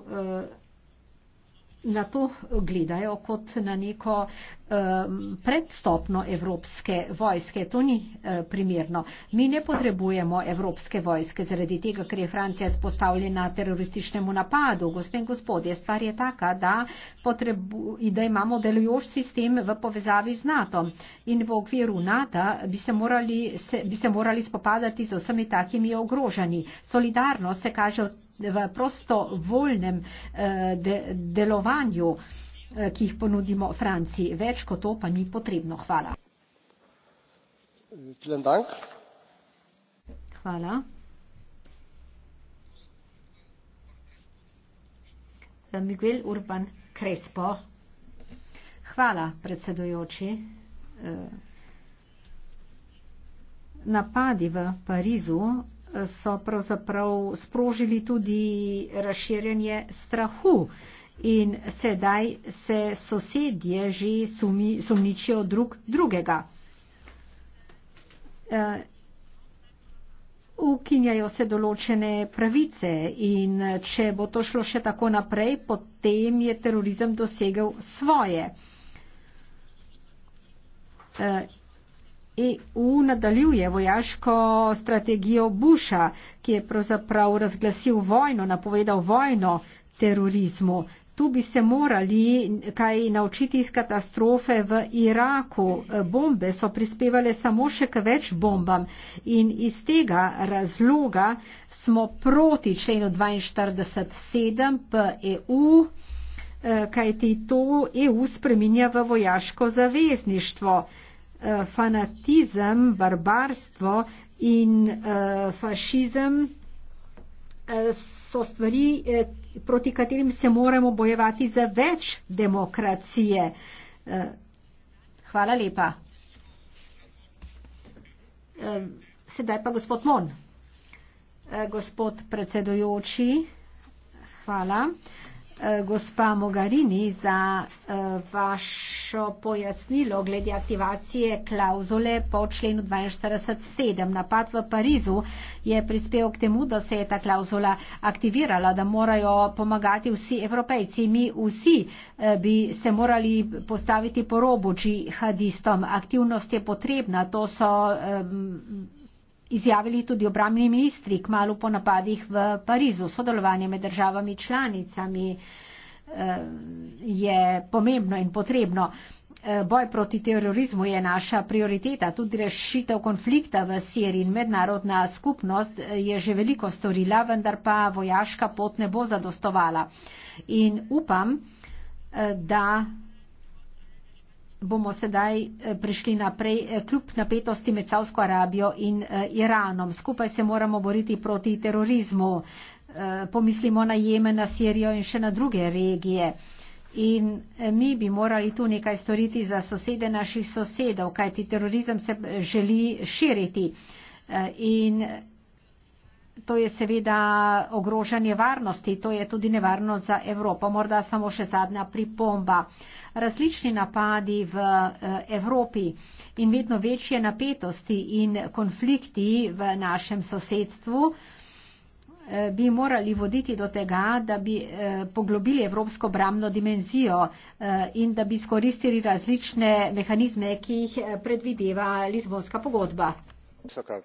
na to gledajo kot na neko um, predstopno evropske vojske. To ni uh, primerno. Mi ne potrebujemo evropske vojske zaradi tega, ker je Francija izpostavljena terorističnemu napadu. Gospe in gospodje, stvar je taka, da, potrebu, da imamo delujoč sistem v povezavi z NATO in v okviru NATO bi se morali, se, bi se morali spopadati z vsemi takimi ogrožani. Solidarnost se kaže od v prostovoljnem eh, delovanju, eh, ki jih ponudimo Franciji. Več kot to pa ni potrebno. Hvala. Hvala. Eh, Miguel Urban Crespo. Hvala, predsedujoči. Napadi v Parizu so pravzaprav sprožili tudi razširjanje strahu. In sedaj se sosedje že sumi, sumničijo drug drugega. E, ukinjajo se določene pravice in če bo to šlo še tako naprej, potem je terorizem dosegel svoje. E, EU nadaljuje vojaško strategijo Busha, ki je pravzaprav razglasil vojno, napovedal vojno terorizmu. Tu bi se morali kaj naučiti iz katastrofe v Iraku. Bombe so prispevale samo še k več bombam in iz tega razloga smo proti členu 42.7 PEU, eh, kajti to EU spreminja v vojaško zavezništvo. Eh, fanatizem, barbarstvo in eh, fašizem eh, so stvari, proti katerim se moramo bojevati za več demokracije. Hvala lepa. Sedaj pa gospod Mon. Gospod predsedujoči, hvala. Eh, gospa Mogarini za eh, vašo pojasnilo glede aktivacije klauzule po členu 42.7. Napad v Parizu je prispel k temu, da se je ta klauzula aktivirala, da morajo pomagati vsi evropejci. Mi vsi eh, bi se morali postaviti po robu džihadistom. Aktivnost je potrebna, to so um, izjavili tudi obramni ministri k malu po napadih v Parizu. Sodelovanje med državami članicami eh, je pomembno in potrebno. Eh, boj proti terorizmu je naša prioriteta, tudi rešitev konflikta v Siriji in mednarodna skupnost eh, je že veliko storila, vendar pa vojaška pot ne bo zadostovala. In upam, da bomo sedaj eh, prišli naprej eh, kljub napetosti med Savsko Arabijo in eh, Iranom. Skupaj se moramo boriti proti terorizmu. Pomislimo na Jemen, na Sirijo in še na druge regije. In mi bi morali tu nekaj storiti za sosede naših sosedov, kajti terorizem se želi širiti. In to je seveda ogrožanje varnosti, to je tudi nevarno za Evropo. Morda samo še zadnja pripomba različni napadi v eh, Evropi in vedno večje napetosti in konflikti v našem sosedstvu eh, bi morali voditi do tega, da bi eh, poglobili evropsko bramno dimenzijo in da bi skoristili različne mehanizme, ki jih predvideva Lizbonska pogodba. Visoka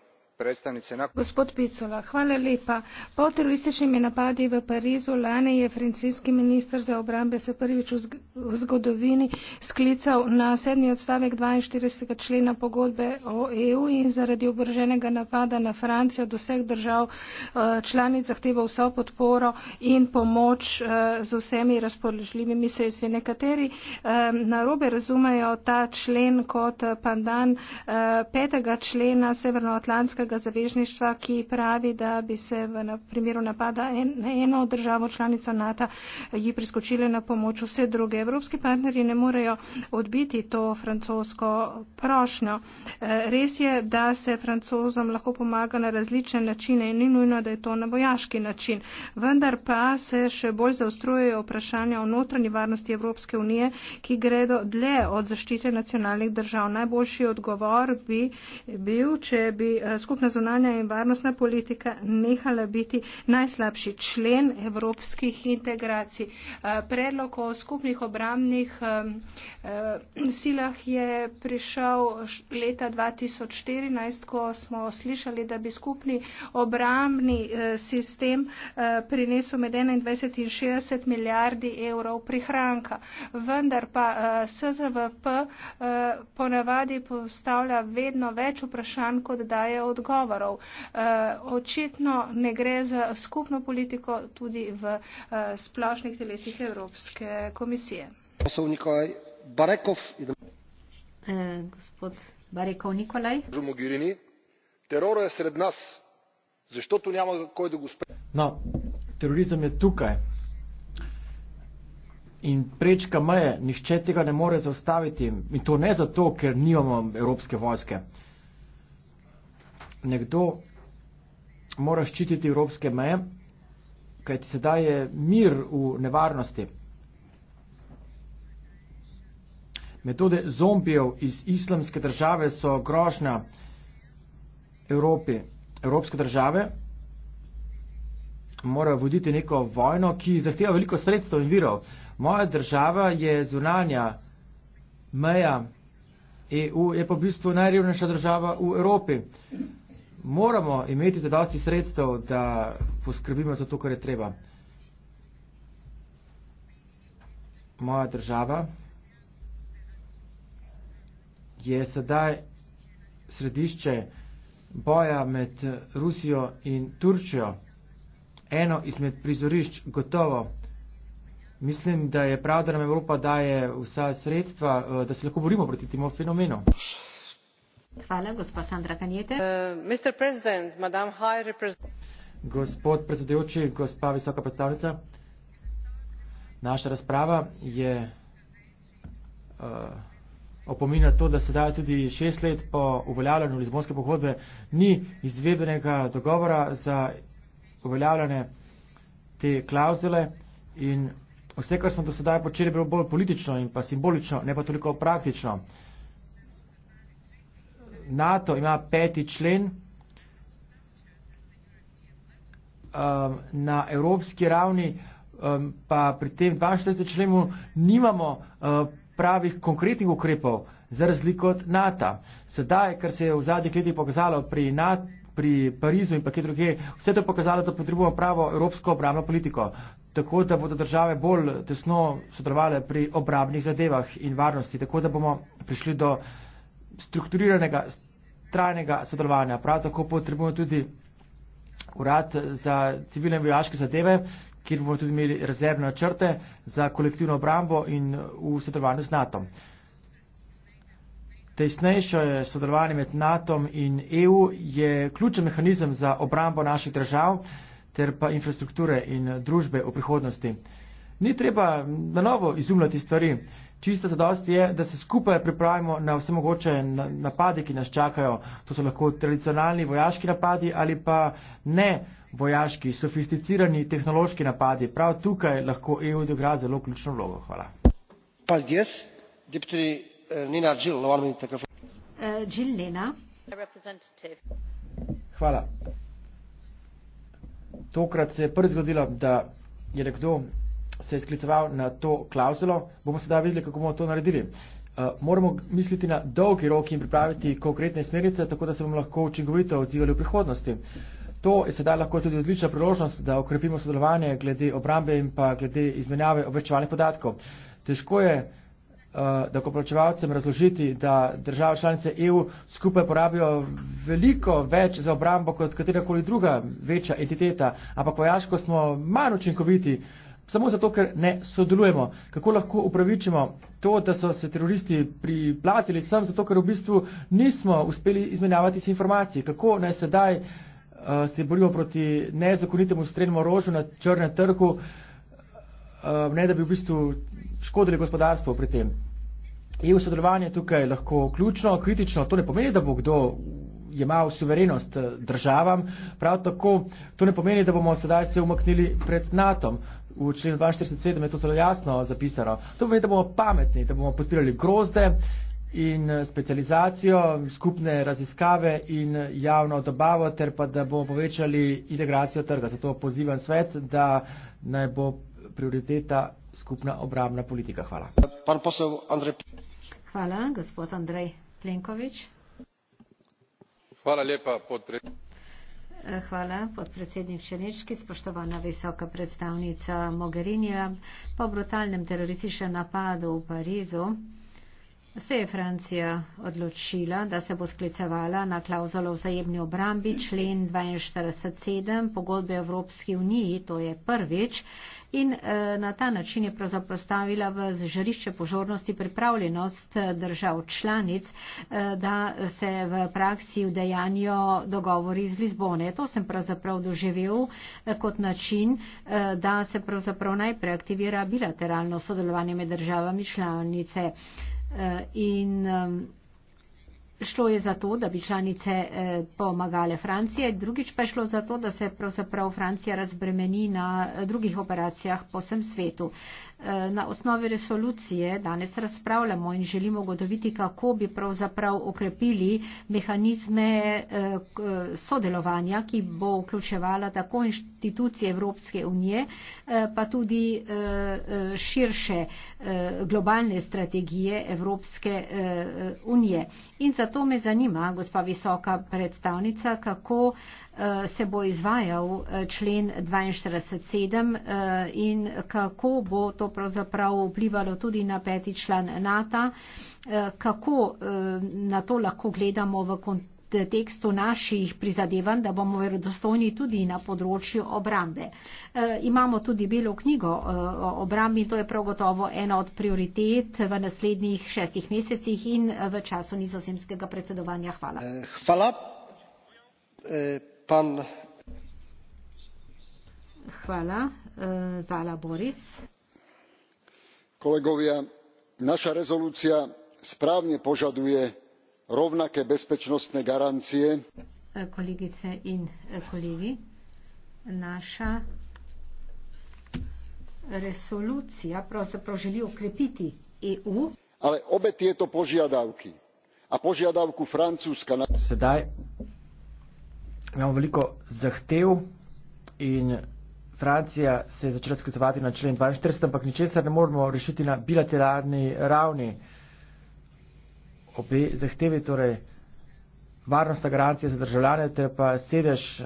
gospod picula hvala lepa po terorističnih napadih v parizu lani je francoski minister za obrambe se prvič v zgodovini sklical na sedmi odstavek dvainštirideset člena pogodbe o eu in zaradi oboroženega napada na francijo od vseh držav eh, članic zahteval vso podporo in pomoč eh, z vsemi razpoložljivimi sredstvi nekateri eh, narobe razumejo ta člen kot pandan petega člena severnoatlantske ruskega zavezništva, ki pravi, da bi se v primeru napada na eno državo članico NATO ji priskočile na pomoč vse druge. Evropski partnerji ne morejo odbiti to francosko prošnjo. E, res je, da se francozom lahko pomaga na različne načine in ni nujno, da je to na bojaški način. Vendar pa se še bolj zaostrujejo vprašanja o notranji varnosti Evropske unije, ki gredo dlje od zaščite nacionalnih držav. Najboljši odgovor bi bil, če bi e, skupaj skupna zunanja in varnostna politika nehala biti najslabši člen evropskih integracij. Eh, predlog o skupnih obramnih silah je prišel leta 2014, ko smo slišali, da bi skupni obramni eh, sistem eh, prinesel med 21 in 60 milijardi evrov prihranka. Vendar pa SZVP ponavadi postavlja vedno več vprašanj, kot daje odgovor odgovorov. Eh, očitno ne gre za skupno politiko tudi v eh, splošnih telesih Evropske komisije. Eh, no, terorizem je tukaj in prečka meje, nihče tega ne more zaustaviti in to ne zato, ker nimamo evropske vojske nekdo mora ščititi evropske meje, kajti sedaj je mir v nevarnosti. Metode zombijev iz islamske države so grožnja Evropi. Evropske države morajo voditi neko vojno, ki zahteva veliko sredstev in virov. Moja država je zunanja meja EU, je pa v bistvu najrevnejša država v Evropi moramo imeti zadosti sredstev, da poskrbimo za to, kar je treba. Moja država je sedaj središče boja med Rusijo in Turčijo. Eno izmed prizorišč gotovo. Mislim, da je prav, da nam Evropa daje vsa sredstva, eh, da se lahko borimo proti temu fenomenu. Uh, Gospod predsedujoči, gospa visoka predstavnica, naša razprava je uh, opomina to, da sedaj tudi šest let po uveljavljanju Lizbonske pogodbe ni izvedbenega dogovora za uveljavljanje te klauzule in vse, kar smo do sedaj počeli, je bilo bolj politično in pa simbolično, ne pa toliko praktično. Uh, NATO ima peti člen um, na evropski ravni, um, pa pri tem 42. členu nimamo uh, pravih konkretnih ukrepov za razliko od NATO. Sedaj, kar se je v zadnjih letih pokazalo pri NATO, pri Parizu in pa kje druge, vse to je pokazalo, da potrebujemo pravo evropsko obramno politiko, tako da bodo države bolj tesno sodelovale pri obramnih zadevah in varnosti, tako da bomo prišli do strukturiranega, trajnega sodelovanja. Prav tako potrebujemo tudi urad za civilne in vojaške zadeve, kjer bomo tudi imeli rezervne črte za kolektivno obrambo in v sodelovanju z NATO. Tesnejše sodelovanje med NATO in EU je ključen mehanizem za obrambo naših držav ter pa infrastrukture in družbe v prihodnosti. Ni treba na novo izumljati stvari. Čista zadost je, da se skupaj pripravimo na vse mogoče napade, ki nas čakajo. To so lahko tradicionalni vojaški napadi ali pa ne vojaški, sofisticirani tehnološki napadi. Prav tukaj lahko EU odigra zelo ključno vlogo. Hvala. Eh, eh, Hvala. Tokrat se je prvi zgodilo, da je nekdo se je skliceval na to klauzulo. Bomo sedaj videli, kako bomo to naredili. Uh, moramo misliti na dolgi rok in pripraviti konkretne smernice, tako da se bomo lahko učinkovito odzivali v prihodnosti. To je sedaj lahko tudi odlična priložnost, da okrepimo sodelovanje glede obrambe in pa glede izmenjave obveščevalnih podatkov. Težko je uh, eh, dokoplačevalcem razložiti, da države članice EU skupaj porabijo veliko več za obrambo kot katerakoli druga večja entiteta, ampak vojaško smo manj učinkoviti uh, samo zato, ker ne sodelujemo. Kako lahko upravičimo to, da so se teroristi priplatili sem, zato ker v bistvu nismo uspeli izmenjavati se informacij. Kako naj sedaj uh, se borimo proti nezakonitemu strenjemu orožju na črnem trgu, uh, ne da bi v bistvu škodili gospodarstvo pri tem. EU sodelovanje tukaj lahko ključno, kritično, to ne pomeni, da bo kdo imel suverenost eh, državam, prav tako to ne pomeni, da bomo sedaj se umaknili pred NATO v členu 247 je to zelo jasno zapisano. To pomeni, da bomo pametni, da bomo podpirali grozde in eh, specializacijo, skupne raziskave in eh, javno dobavo, ter pa da bomo povečali integracijo trga. Zato pozivam svet, da naj bo prioriteta skupna obramna politika. Hvala. Hvala, gospod Andrej Plenkovič. Hvala lepa, podpredsednik. Hvala, podpredsednik Šenečki, spoštovana visoka predstavnica Mogherinija. Po brutalnem terorističnem napadu v Parizu se je Francija odločila, da se bo sklicevala na klauzulo vzajemni obrambi člen 42.7 pogodbe Evropske unije, to je prvič, in eh, na ta način je pravzaprav stavila v žarišče požornosti pripravljenost eh, držav članic, eh, da se v praksi vdejanjo dogovori z Lizbone. To sem pravzaprav doživel kot način, da se pravzaprav najprej aktivira bilateralno sodelovanje med državami članice. In, šlo je za to, da bi članice eh, pomagale Francije, drugič pa je šlo za to, da se pravzaprav Francija razbremeni na eh, drugih operacijah po vsem svetu. Eh, na osnovi resolucije danes razpravljamo in želimo ugotoviti, kako bi pravzaprav okrepili mehanizme eh, eh, sodelovanja, ki bo vključevala tako inštitucije Evropske unije, pa tudi širše globalne strategije Evropske unije. In zato me zanima, gospa visoka predstavnica, kako se bo izvajal eh, člen 42.7 eh, in kako bo to pravzaprav vplivalo tudi na peti član NATO, eh, kako na to lahko gledamo v kontekstu naših prizadevanj, da bomo verodostojni tudi na področju obrambe. Imamo tudi belo knjigo o obrambi, to je prav gotovo ena od prioritet v naslednjih šestih mesecih in v času nizozemskega predsedovanja. Hvala. Hvala. E, kolegovia naša rezolúcia správne požaduje rovnaké bezpečnostné garancie e, e, ale obe tieto požiadavky a požiadavku francúzska na imamo veliko zahtev in Francija se je začela sklicovati na člen 42, ampak ničesar ne moremo rešiti na bilateralni ravni. Obe zahtevi, torej varnostna garancija za državljane, ter pa sedež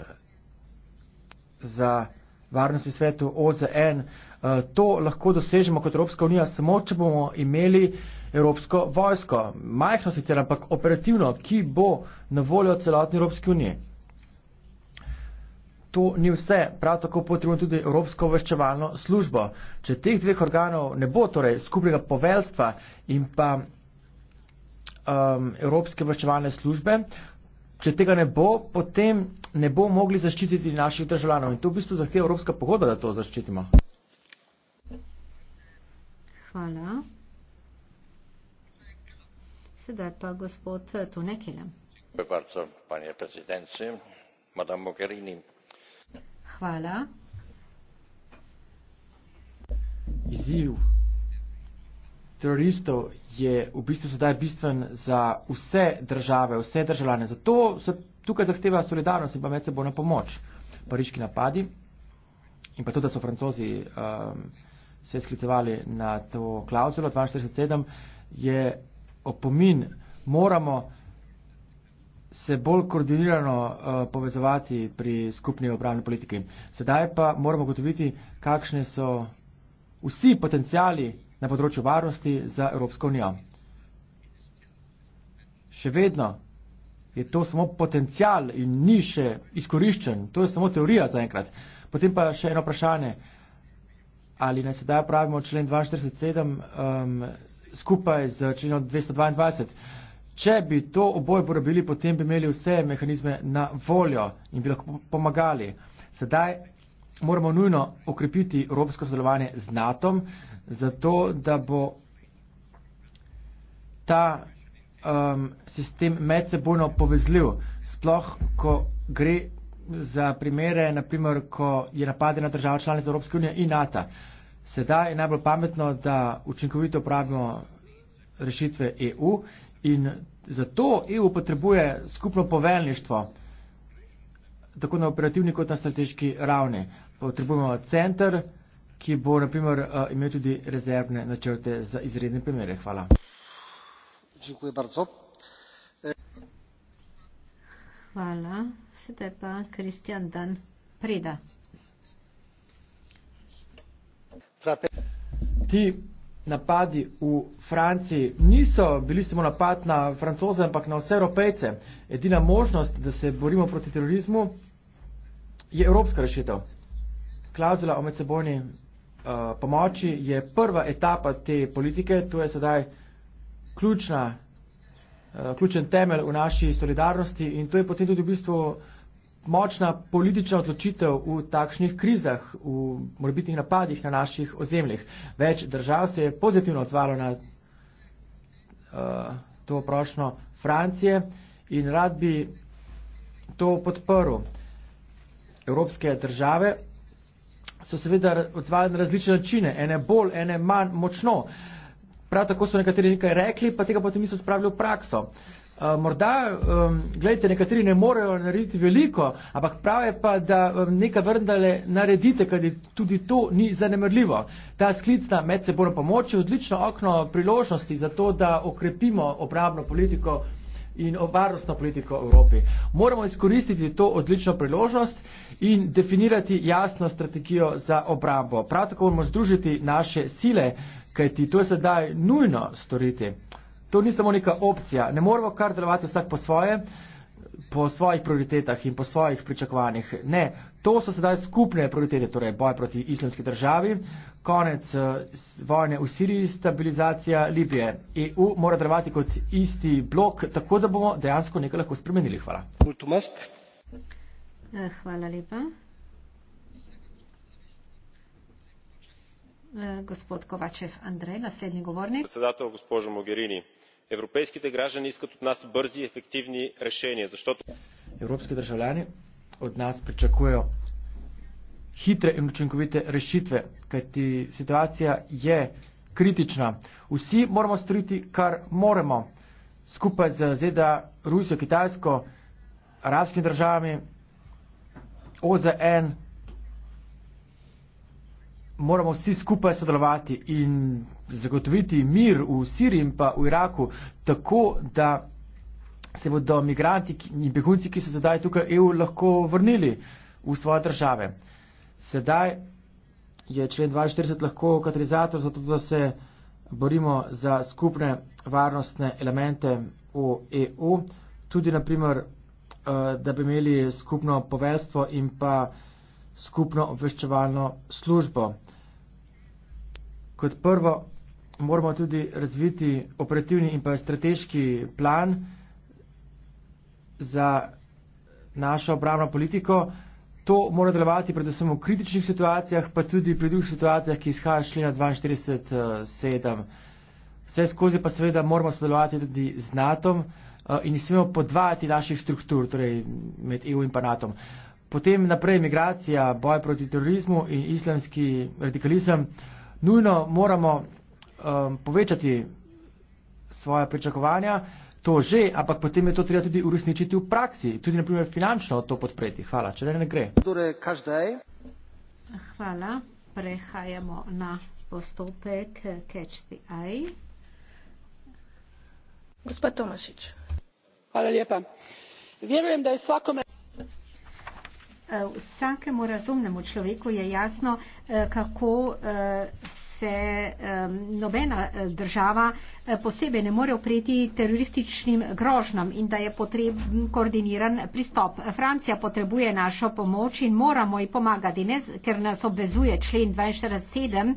za varnostni svetu OZN. Eh, to lahko dosežemo kot Evropska unija samo, če bomo imeli Evropsko vojsko, majhno sicer, ampak operativno, ki bo na voljo celotni Evropski uniji to ni vse. Prav tako potrebujemo tudi Evropsko obveščevalno službo. Če teh dveh organov ne bo, torej skupnega poveljstva in pa um, Evropske obveščevalne službe, če tega ne bo, potem ne bo mogli zaščititi naših državljanov. In to v bistvu zahteva Evropska pogodba, da to zaščitimo. Hvala. Sedaj pa gospod Tonekele. Hvala, gospod predsednik. Madame Mogherini, Hvala. Izziv teroristov je v bistvu sedaj bistven za vse države, vse državljane. Zato se tukaj zahteva solidarnost in pa med sebojna pomoč. Pariški napadi in pa to, da so francozi um, se sklicevali na to klauzulo 42.7, je opomin, moramo se bolj koordinirano uh, povezovati pri skupni obravni politiki. Sedaj pa moramo gotoviti, kakšne so vsi potencijali na področju varnosti za Evropsko unijo. Še vedno je to samo potencijal in ni še izkoriščen. To je samo teorija zaenkrat. Potem pa še eno vprašanje. Ali naj sedaj pravimo člen 247 um, ehm, skupaj z členom 222? Če bi to oboje porabili, potem bi imeli vse mehanizme na voljo in bi lahko pomagali. Sedaj moramo nujno okrepiti evropsko sodelovanje z NATO, zato da bo ta um, sistem medsebojno povezljiv, sploh ko gre za primere, naprimer, ko je napadena država članica Evropske unije in NATO. Sedaj je najbolj pametno, da učinkovito uporabimo rešitve EU. In zato EU potrebuje skupno poveljništvo, tako na operativni kot na strateški ravni. Potrebujemo center, ki bo naprimer eh, imel tudi rezervne načrte za izredne primere. Hvala. Hvala. Sedaj pa Kristjan Dan Preda. Ti napadi v Franciji niso bili samo napad na francoze, ampak na vse evropejce. Edina možnost, da se borimo proti terorizmu, je evropska rešitev. Klauzula o medsebojni uh, pomoči je prva etapa te politike, to je sedaj ključna, uh, ključen temelj v naši solidarnosti in to je potem tudi v bistvu uh, močna politična odločitev v takšnih krizah, v morbitnih napadih na naših ozemljih. Več držav se je pozitivno odzvalo na uh, to prošno Francije in rad bi to podprl. Evropske države so seveda odzvali na različne načine, ene bolj, ene manj močno. Prav tako so nekateri nekaj rekli, pa tega potem niso spravili v prakso. Uh, Eh, morda, um, gledajte, nekateri ne morejo narediti veliko, ampak prav je pa, da um, nekaj vrndale naredite, kajti tudi to ni zanemrljivo. Ta sklic na medsebojno pomoč je odlično okno priložnosti za to, da okrepimo obrambno politiko in varnostno politiko v Evropi. Moramo izkoristiti to odlično priložnost in definirati jasno strategijo za obrambo. Prav tako moramo združiti naše sile, kajti to je sedaj nujno storiti. To ni samo neka opcija. Ne moramo kar delovati vsak po svoje, po svojih prioritetah in po svojih pričakovanjih. Ne, to so sedaj skupne prioritete, torej boj proti islamski državi, konec eh, vojne v Siriji, stabilizacija Libije. EU mora delovati kot isti blok, tako da bomo dejansko nekaj lahko spremenili. Hvala. Eh, hvala lepa. evropejski državljani iskat od nas brzi efektivni rešenje zato evropski državljani od nas pričakujejo hitre in učinkovite rešitve kajti situacija je kritična vsi moramo storiti kar moremo skupaj z ZDA Rusijo Kitajsko arabskimi državami OZN moramo vsi skupaj sodelovati in zagotoviti mir v Siriji in pa v Iraku, tako da se bodo migranti in begunci, ki so sedaj tukaj v EU, lahko vrnili v svoje države. Sedaj je člen 42 lahko katalizator za to, da se borimo za skupne varnostne elemente v EU, tudi naprimer, eh, da bi imeli skupno povestvo in pa skupno obveščevalno službo. Kot prvo moramo tudi razviti operativni in pa strateški plan za našo obravno politiko. To mora delovati predvsem v kritičnih situacijah, pa tudi pri drugih situacijah, ki izhaja šlina 42.7. Vse skozi pa seveda moramo sodelovati tudi z NATO eh, in ne smemo podvajati naših struktur, torej med EU in pa NATO. Potem naprej migracija, boj proti terorizmu in islamski radikalizem nujno moramo um, povečati svoje pričakovanja, to že, ampak potem je to treba tudi uresničiti v praksi, tudi naprimer finančno to podpreti. Hvala, če ne, ne gre. Torej, každaj. Hvala, prehajamo na postopek Catch the Eye. Gospod Tomašič. Hvala lijepa. Vjerujem da je svakome... Eh, vsakemu razumnemu človeku je jasno, eh, kako eh, se nobena država posebej ne more opreti terorističnim grožnjam in da je potreben koordiniran pristop. Francija potrebuje našo pomoč in moramo ji pomagati, ne, ker nas obvezuje člen 247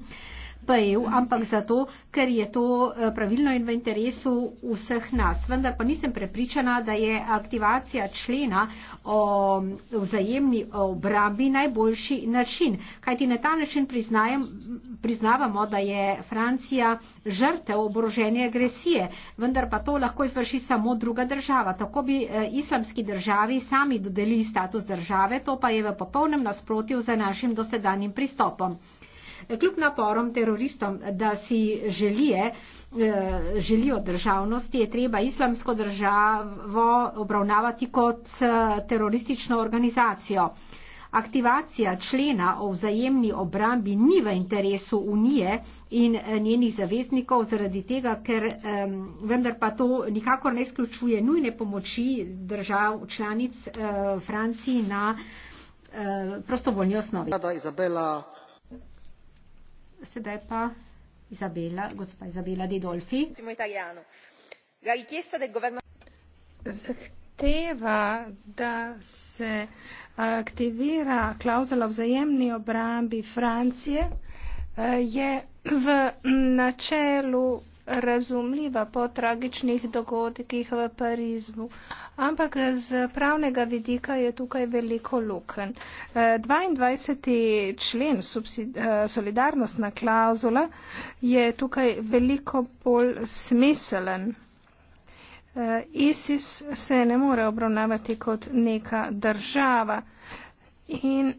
PEV, ampak zato, ker je to eh, pravilno in v interesu vseh nas. Vendar pa nisem prepričana, da je aktivacija člena o vzajemni obrambi najboljši način. Kajti na ta način priznajem, priznavamo, da je Francija žrtev oborožene agresije, vendar pa to lahko izvrši samo druga država. Tako bi eh, islamski državi sami dodelili status države, to pa je v popolnem nasprotju za našim dosedanjim pristopom. Kljub naporom teroristom, da si želije, eh, želijo državnosti, je treba islamsko državo obravnavati kot eh, teroristično organizacijo. Aktivacija člena o vzajemni obrambi ni v interesu Unije in eh, njenih zaveznikov zaradi tega, ker um, vendar pa to nikakor ne izključuje nujne pomoči držav članic uh, Franciji na uh, prostovoljni osnovi. Hvala, Izabela. Sedaj pa Izabela, gospa Izabela De Dolfi. Zahteva, da se eh, aktivira klauzula vzajemni obrambi Francije, eh, je v načelu razumljiva po tragičnih dogodkih v Parizmu. Ampak z pravnega vidika je tukaj veliko luken. 22. Eh, člen, eh, solidarnostna klauzula, je tukaj veliko bolj smiselen. Eh, ISIS se ne more obravnavati kot neka država. In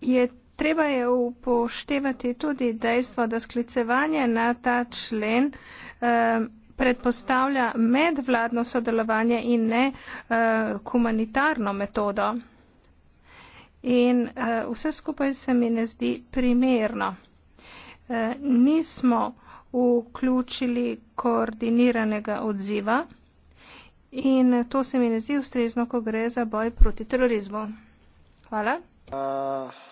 je treba je upoštevati tudi dejstvo, da sklicevanje na ta člen um, predpostavlja medvladno sodelovanje in ne uh, humanitarno metodo. In uh, vse skupaj se mi ne zdi primerno. Uh, nismo vključili koordiniranega odziva in to se mi ne zdi ustrezno, ko gre za boj proti terorizmu. Hvala. Uh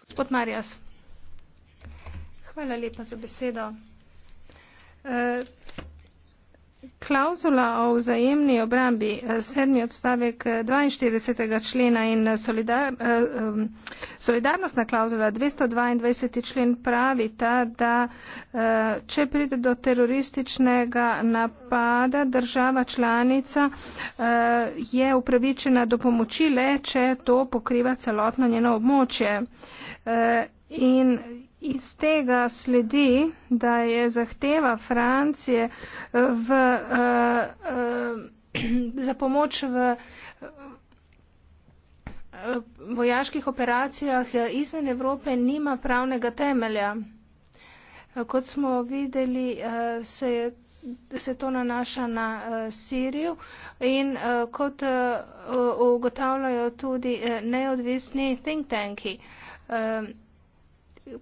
gospod marias hvala lepa za besedo. Eh, Klauzula o vzajemni obrambi, eh, sedmi odstavek 42. Eh, člena in eh, solidarnostna klauzula 222. člen pravi ta, da če pride do terorističnega napada, država članica je upravičena do pomoči le, če to pokriva celotno njeno območje. In Iz tega sledi, da je zahteva Francije eh, v, uh, uh, za pomoč v vojaških operacijah izven Evrope nima pravnega temelja. Kot smo videli, se, je, se to nanaša na Sirijo in kot ugotavljajo tudi neodvisni think tanki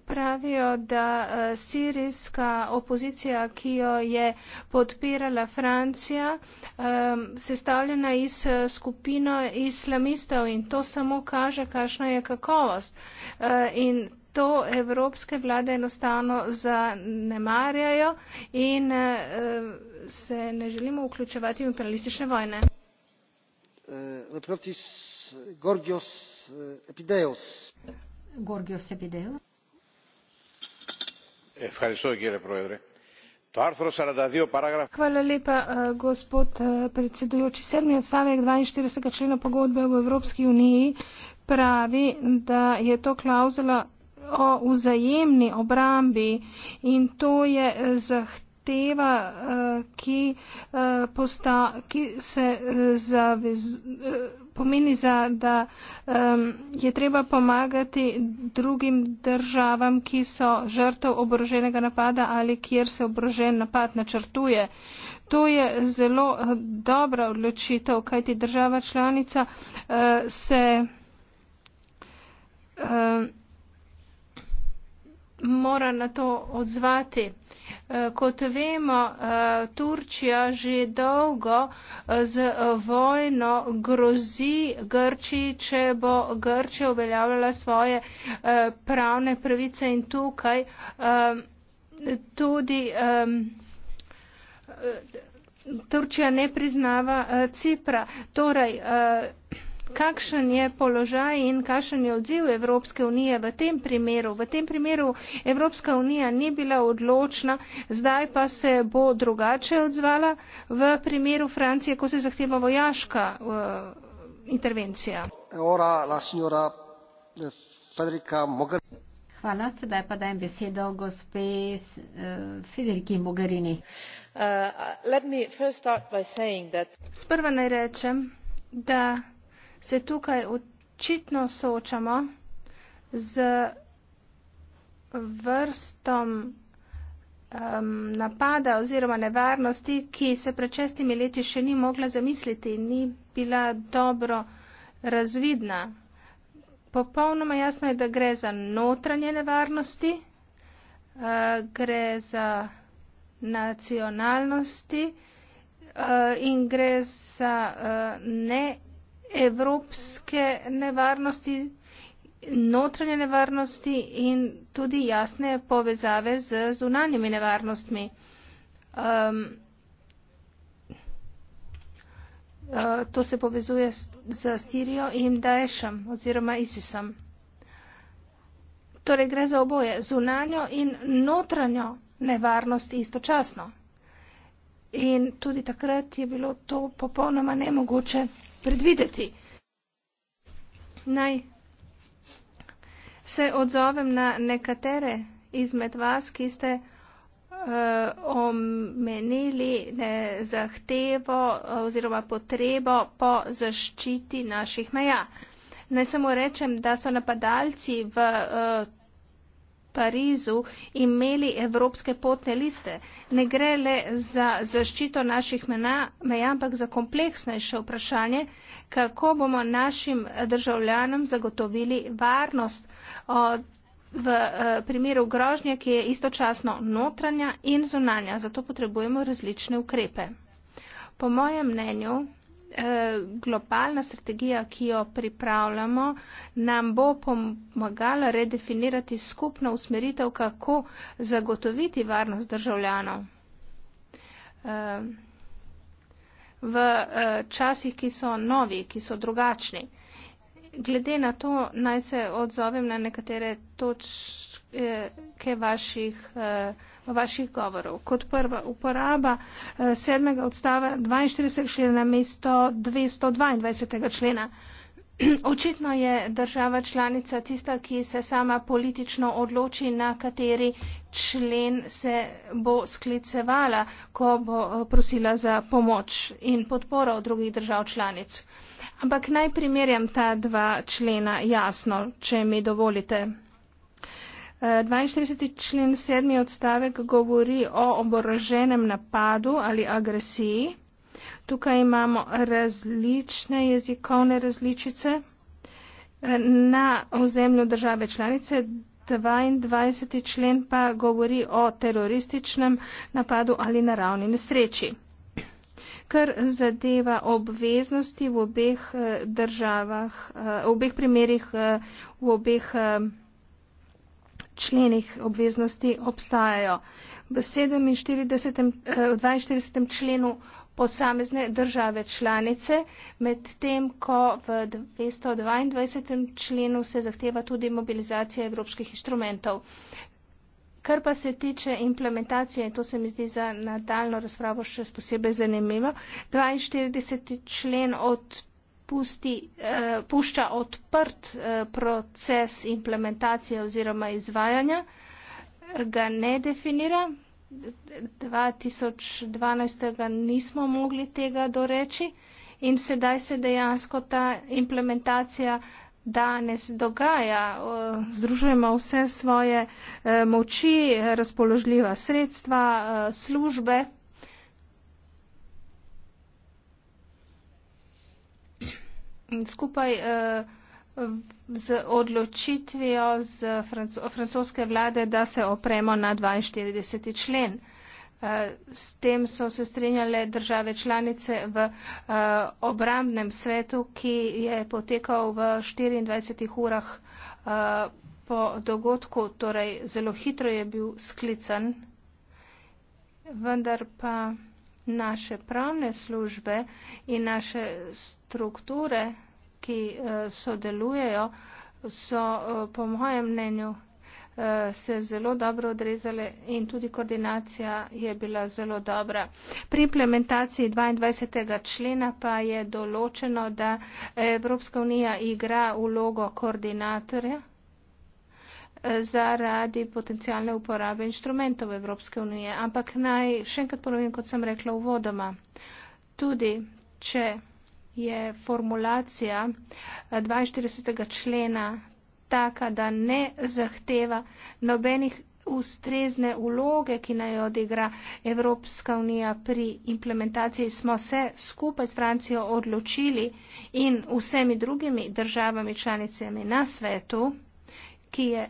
pravijo, da eh, sirijska opozicija, ki jo je podpirala Francija, ehm, sestavljena iz eh, skupino islamistov in to samo kaže, kakšna je kakovost. Eh, in to evropske vlade enostavno zanemarjajo in se ne želimo vključevati v imperialistične vojne. Gorgios Epideus. Gorgios Epideus gospod predsedujoči sedmi odstavek dvainštirideset člena pogodbe o evropski uniji pravi da je to klavzula o vzajemni obrambi in to je e, zahteva e, e, ki se zavezuje pomeni, za, da um, je treba pomagati drugim državam, ki so žrtev oboroženega napada ali kjer se oborožen napad načrtuje. To je zelo eh, dobra odločitev, kajti država članica uh, se. Uh, mora na to odzvati. Eh, kot vemo, eh, Turčija že dolgo eh, z vojno grozi Grčiji, če bo Grčija uveljavljala svoje pravne pravice in tukaj tudi ehm, Turčija ne priznava Cipra. Torej, kakšen je položaj in kakšen je odziv Evropske unije v tem primeru. V tem primeru Evropska unija ni bila odločna, zdaj pa se bo drugače odzvala v primeru Francije, ko se zahteva vojaška uh, intervencija. Ora, la eh, Hvala, sedaj pa dajem besedo gospe uh, Federiki Mogherini. Uh, Sprva naj rečem, da se tukaj očitno soočamo z vrstom um, napada oziroma nevarnosti, ki se pred šestimi leti še ni mogla zamisliti in ni bila dobro razvidna. Popolnoma jasno je, da gre za notranje nevarnosti, uh, gre za nacionalnosti uh, in gre za uh, ne evropske nevarnosti, notranje nevarnosti in tudi jasne povezave z zunanjimi nevarnostmi. Um, Uh, to se povezuje z Sirijo in Daešem oziroma ISISom. Torej gre za oboje, zunanjo in notranjo nevarnost istočasno. In tudi takrat je bilo to popolnoma nemogoče predvideti. Naj se odzovem na nekatere izmed vas, ki ste uh, omenili ne, zahtevo oziroma potrebo po zaščiti naših meja. Naj samo rečem, da so napadalci v uh, Parizu imeli evropske potne liste. Ne gre le za zaščito naših meja, ampak za kompleksnejše vprašanje, kako bomo našim državljanom zagotovili varnost o, v o, e, primeru grožnje, ki je istočasno notranja in zunanja. Zato potrebujemo različne ukrepe. Po mojem mnenju, Eh, globalna strategija, ki jo pripravljamo, nam bo pomagala redefinirati skupno usmeritev, kako zagotoviti varnost državljanov. Eh, v eh, časih, ki so novi, ki so drugačni. Glede na to, naj se odzovem na nekatere točke Eh, kaj vaših, eh, vaših govorov. Kot prva uporaba eh, sedmega odstava 42. člena mesto 222. člena. Očitno je država članica tista, ki se sama politično odloči, na kateri člen se bo sklicevala, ko bo prosila za pomoč in podporo drugih držav članic. Ampak naj primerjam ta dva člena jasno, če mi dovolite. 42. člen 7. odstavek govori o oboroženem napadu ali agresiji. Tukaj imamo različne jezikovne različice na ozemlju države članice. 22. člen pa govori o terorističnem napadu ali naravni nesreči. Kar zadeva obveznosti v obeh eh, državah, eh, v obeh primerih, eh, v obeh členih obveznosti obstajajo. V 47, 42. Eh, členu posamezne države članice, medtem ko v 222. členu se zahteva tudi mobilizacija evropskih instrumentov. Kar pa se tiče implementacije, in to se mi zdi za nadaljno razpravo še posebej zanimivo, 42. člen odpira pusti, eh, pušča odprt eh, proces implementacije oziroma izvajanja, ga ne definira. 2012. nismo mogli tega doreči in sedaj se dejansko ta implementacija danes dogaja. Eh, združujemo vse svoje eh, moči, razpoložljiva sredstva, eh, službe, skupaj eh, z odločitvijo z francoske vlade, da se opremo na 42. člen. Eh, s tem so se strinjale države članice v eh, obrambnem svetu, ki je potekal v 24 urah po dogodku, torej zelo hitro je bil sklican, vendar pa naše pravne službe in naše strukture, ki eh, sodelujejo, so eh, po mojem mnenju eh, se zelo dobro odrezale in tudi koordinacija je bila zelo dobra. Pri implementaciji 22. člena pa je določeno, da Evropska unija igra vlogo koordinatorja zaradi potencijalne uporabe inštrumentov Evropske unije. Ampak naj še enkrat ponovim, kot sem rekla uvodoma, tudi če je formulacija 42. Eh, člena taka, da ne zahteva nobenih ustrezne uloge, ki naj odigra Evropska unija pri implementaciji, smo se skupaj s Francijo odločili in vsemi drugimi državami članicami na svetu, ki je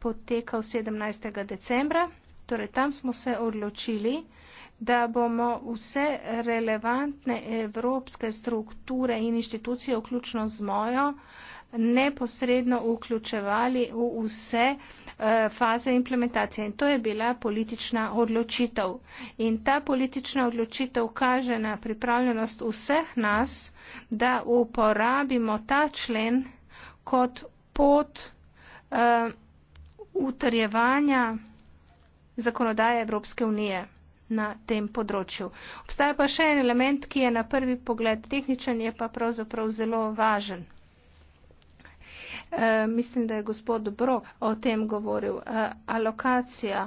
potekal 17. decembra. Torej, tam smo se odločili, da bomo vse relevantne evropske strukture in inštitucije, vključno z mojo, neposredno vključevali v vse eh, faze implementacije. In to je bila politična odločitev. In ta politična odločitev kaže na pripravljenost vseh nas, da uporabimo ta člen kot pot. Uh, utrjevanja zakonodaje Evropske unije na tem področju. Obstaja pa še en element, ki je na prvi pogled tehničen, je pa pravzaprav zelo važen. E, mislim, da je gospod Brok o tem govoril. E, alokacija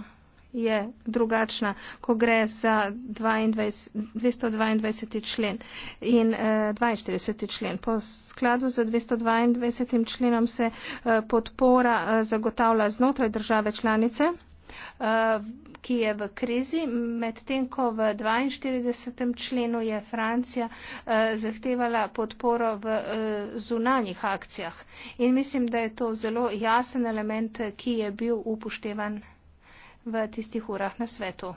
je drugačna, ko gre za 22, 222. člen in eh, 42. člen. Po skladu za 222. členom se eh, podpora eh, zagotavlja znotraj države članice. Eh, ki je v krizi, medtem ko v 42. členu je Francija eh, zahtevala podporo v eh, zunanjih akcijah. In mislim, da je to zelo jasen element, ki je bil upoštevan v tistih urah na svetu.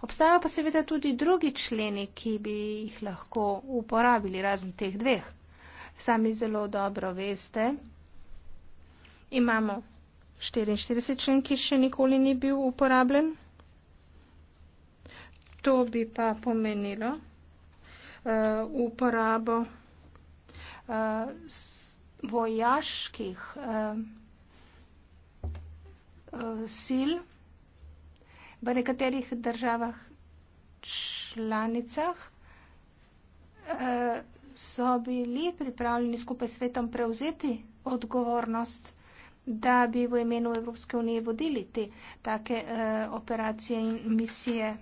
Obstajajo pa seveda tudi drugi členi, ki bi jih lahko uporabili razen teh dveh. Sami zelo dobro veste, imamo 44 člen, ki še nikoli ni bil uporabljen. To bi pa pomenilo uh, uporabo uh, vojaških uh, uh, sil v nekaterih državah članicah eh, so bili pripravljeni skupaj s svetom prevzeti odgovornost, da bi v imenu Evropske unije vodili te take eh, operacije in misije.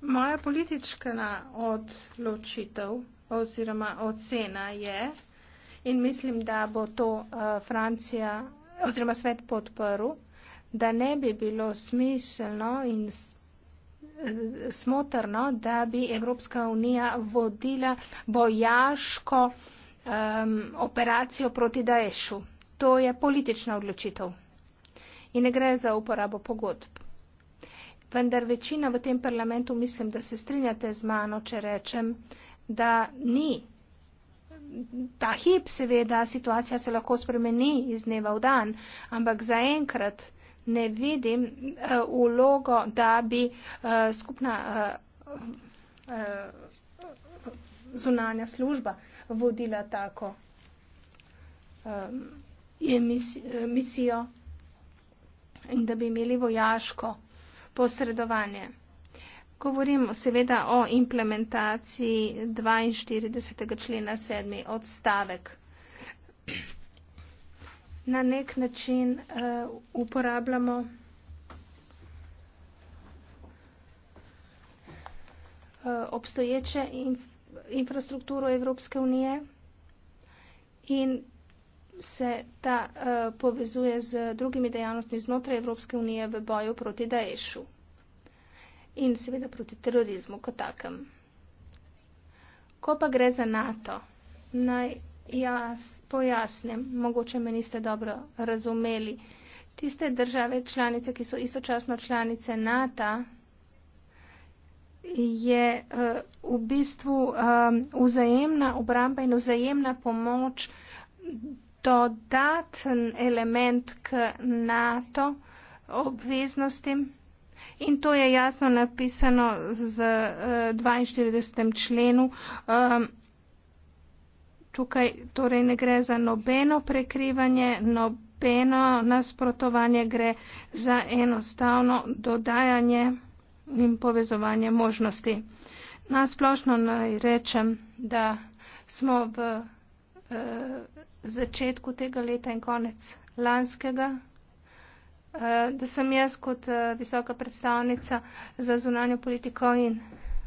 Moja politična odločitev oziroma ocena je, in mislim, da bo to eh, Francija oziroma svet podprl, da ne bi bilo smiselno in eh, smotrno, da bi Evropska unija vodila vojaško um, operacijo proti Daešu. To je politična odločitev in ne gre za uporabo pogodb. Vendar večina v tem parlamentu, mislim, da se strinjate z mano, če rečem, da ni. Ta hip seveda situacija se lahko spremeni iz dneva v dan, ampak zaenkrat ne vidim uh, eh, ulogo, da bi uh, skupna uh, uh, zunanja služba vodila tako uh, emis, misijo in da bi imeli vojaško posredovanje. Govorim seveda o implementaciji 42. člena 7. odstavek na nek način uh, uporabljamo uh, obstoječe in, infrastrukturo Evropske unije in se ta uh, povezuje z drugimi dejavnostmi znotraj Evropske unije v boju proti Daešu in seveda proti terorizmu kot takem. Ko pa gre za NATO, naj Jaz pojasnim, mogoče me niste dobro razumeli. Tiste države članice, ki so istočasno članice NATO, je eh, v bistvu eh, vzajemna obramba in vzajemna pomoč dodaten element k NATO obveznostim. In to je jasno napisano z 42. Eh, členu tukaj torej ne gre za nobeno prekrivanje, nobeno nasprotovanje, gre za enostavno dodajanje in povezovanje možnosti. Nasplošno naj rečem, da smo v eh, začetku tega leta in konec lanskega, eh, da sem jaz kot eh, visoka predstavnica za zunanjo politiko in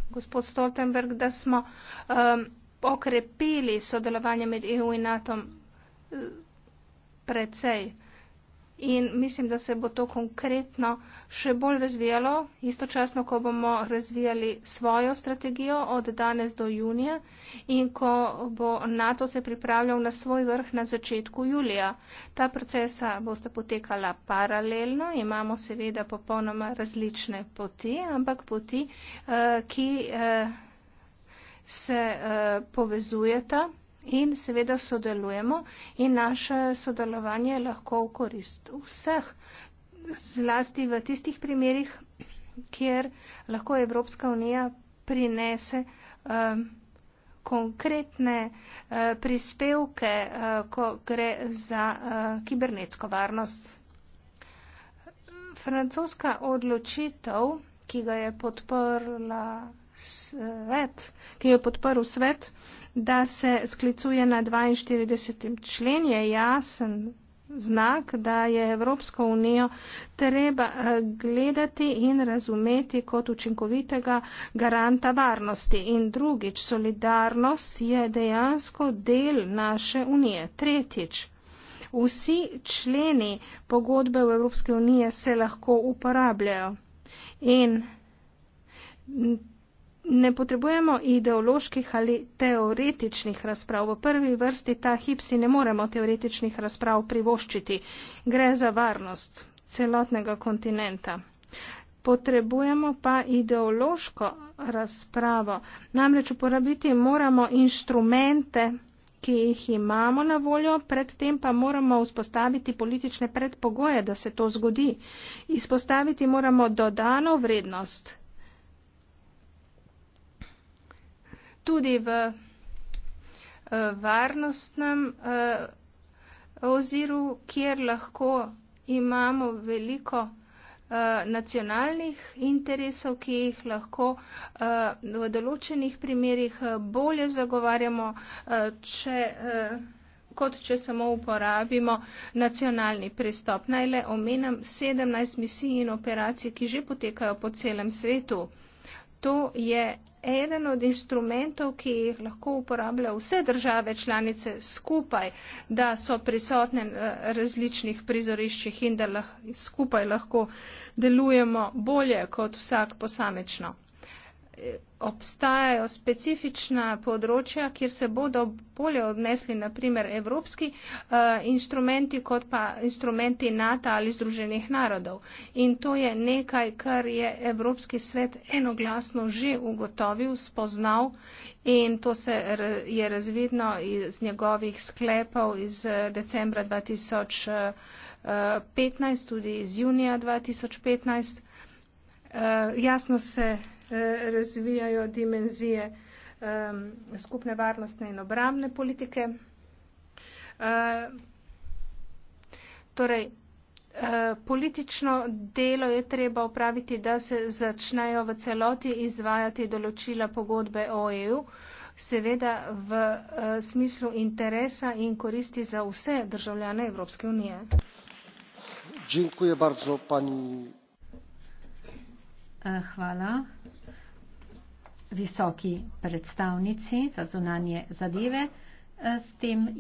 gospod Stoltenberg, da smo eh, okrepili sodelovanje med EU in NATO eh, precej. In mislim, da se bo to konkretno še bolj razvijalo, istočasno, ko bomo razvijali svojo strategijo od danes do junija in ko bo NATO se pripravljal na svoj vrh na začetku julija. Ta procesa bosta potekala paralelno, imamo seveda popolnoma različne poti, ampak poti, eh, ki eh, se eh, povezujeta in seveda sodelujemo in naše sodelovanje je lahko v korist vseh, zlasti v tistih primerjih, kjer lahko Evropska unija prinese eh, konkretne eh, prispevke, ko gre za kibernetsko varnost. Francoska odločitev, ki ga je podporla svet, ki je podporil svet, da se sklicuje na 42. člen, je jasen znak, da je Evropsko unijo treba eh, gledati in razumeti kot učinkovitega garanta varnosti. In drugič, solidarnost je dejansko del naše unije. Tretjič, vsi členi pogodbe v Evropske unije se lahko uporabljajo. In ne potrebujemo ideoloških ali teoretičnih razprav. V prvi vrsti ta hip si ne moremo teoretičnih razprav privoščiti. Gre za varnost celotnega kontinenta. Potrebujemo pa ideološko razpravo. Namreč uporabiti moramo inštrumente, ki jih imamo na voljo, predtem pa moramo vzpostaviti politične predpogoje, da se to zgodi. Izpostaviti moramo dodano vrednost tudi v eh, varnostnem eh, oziru, kjer lahko imamo veliko eh, nacionalnih interesov, ki jih lahko v določenih primerjih bolje zagovarjamo, če, kot če samo uporabimo nacionalni pristop. Naj le omenem 17 misij in operacij, ki že potekajo po celem svetu. To je eden od instrumentov, ki jih lahko uporabljajo vse države članice skupaj, da so prisotne na eh, različnih prizoriščih in da lahko, skupaj lahko delujemo bolje kot vsak posamečno. Eh, obstajajo specifična področja, kjer se bodo bolje odnesli naprimer evropski uh, inštrumenti kot pa inštrumenti NATO ali Združenih narodov. In to je nekaj, kar je Evropski svet enoglasno že ugotovil, spoznal in to se je razvidno iz njegovih sklepov iz eh, decembra 2015, eh, tudi iz junija 2015. Uh, jasno se Eh, razvijajo dimenzije skupne varnostne in obramne politike. Eh, torej, eh, politično delo je treba upraviti, da se začnejo v celoti izvajati določila pogodbe o EU, seveda v smislu interesa in koristi za vse državljane Evropske unije. Hvala visoki predstavnici za zunanje zadeve. S tem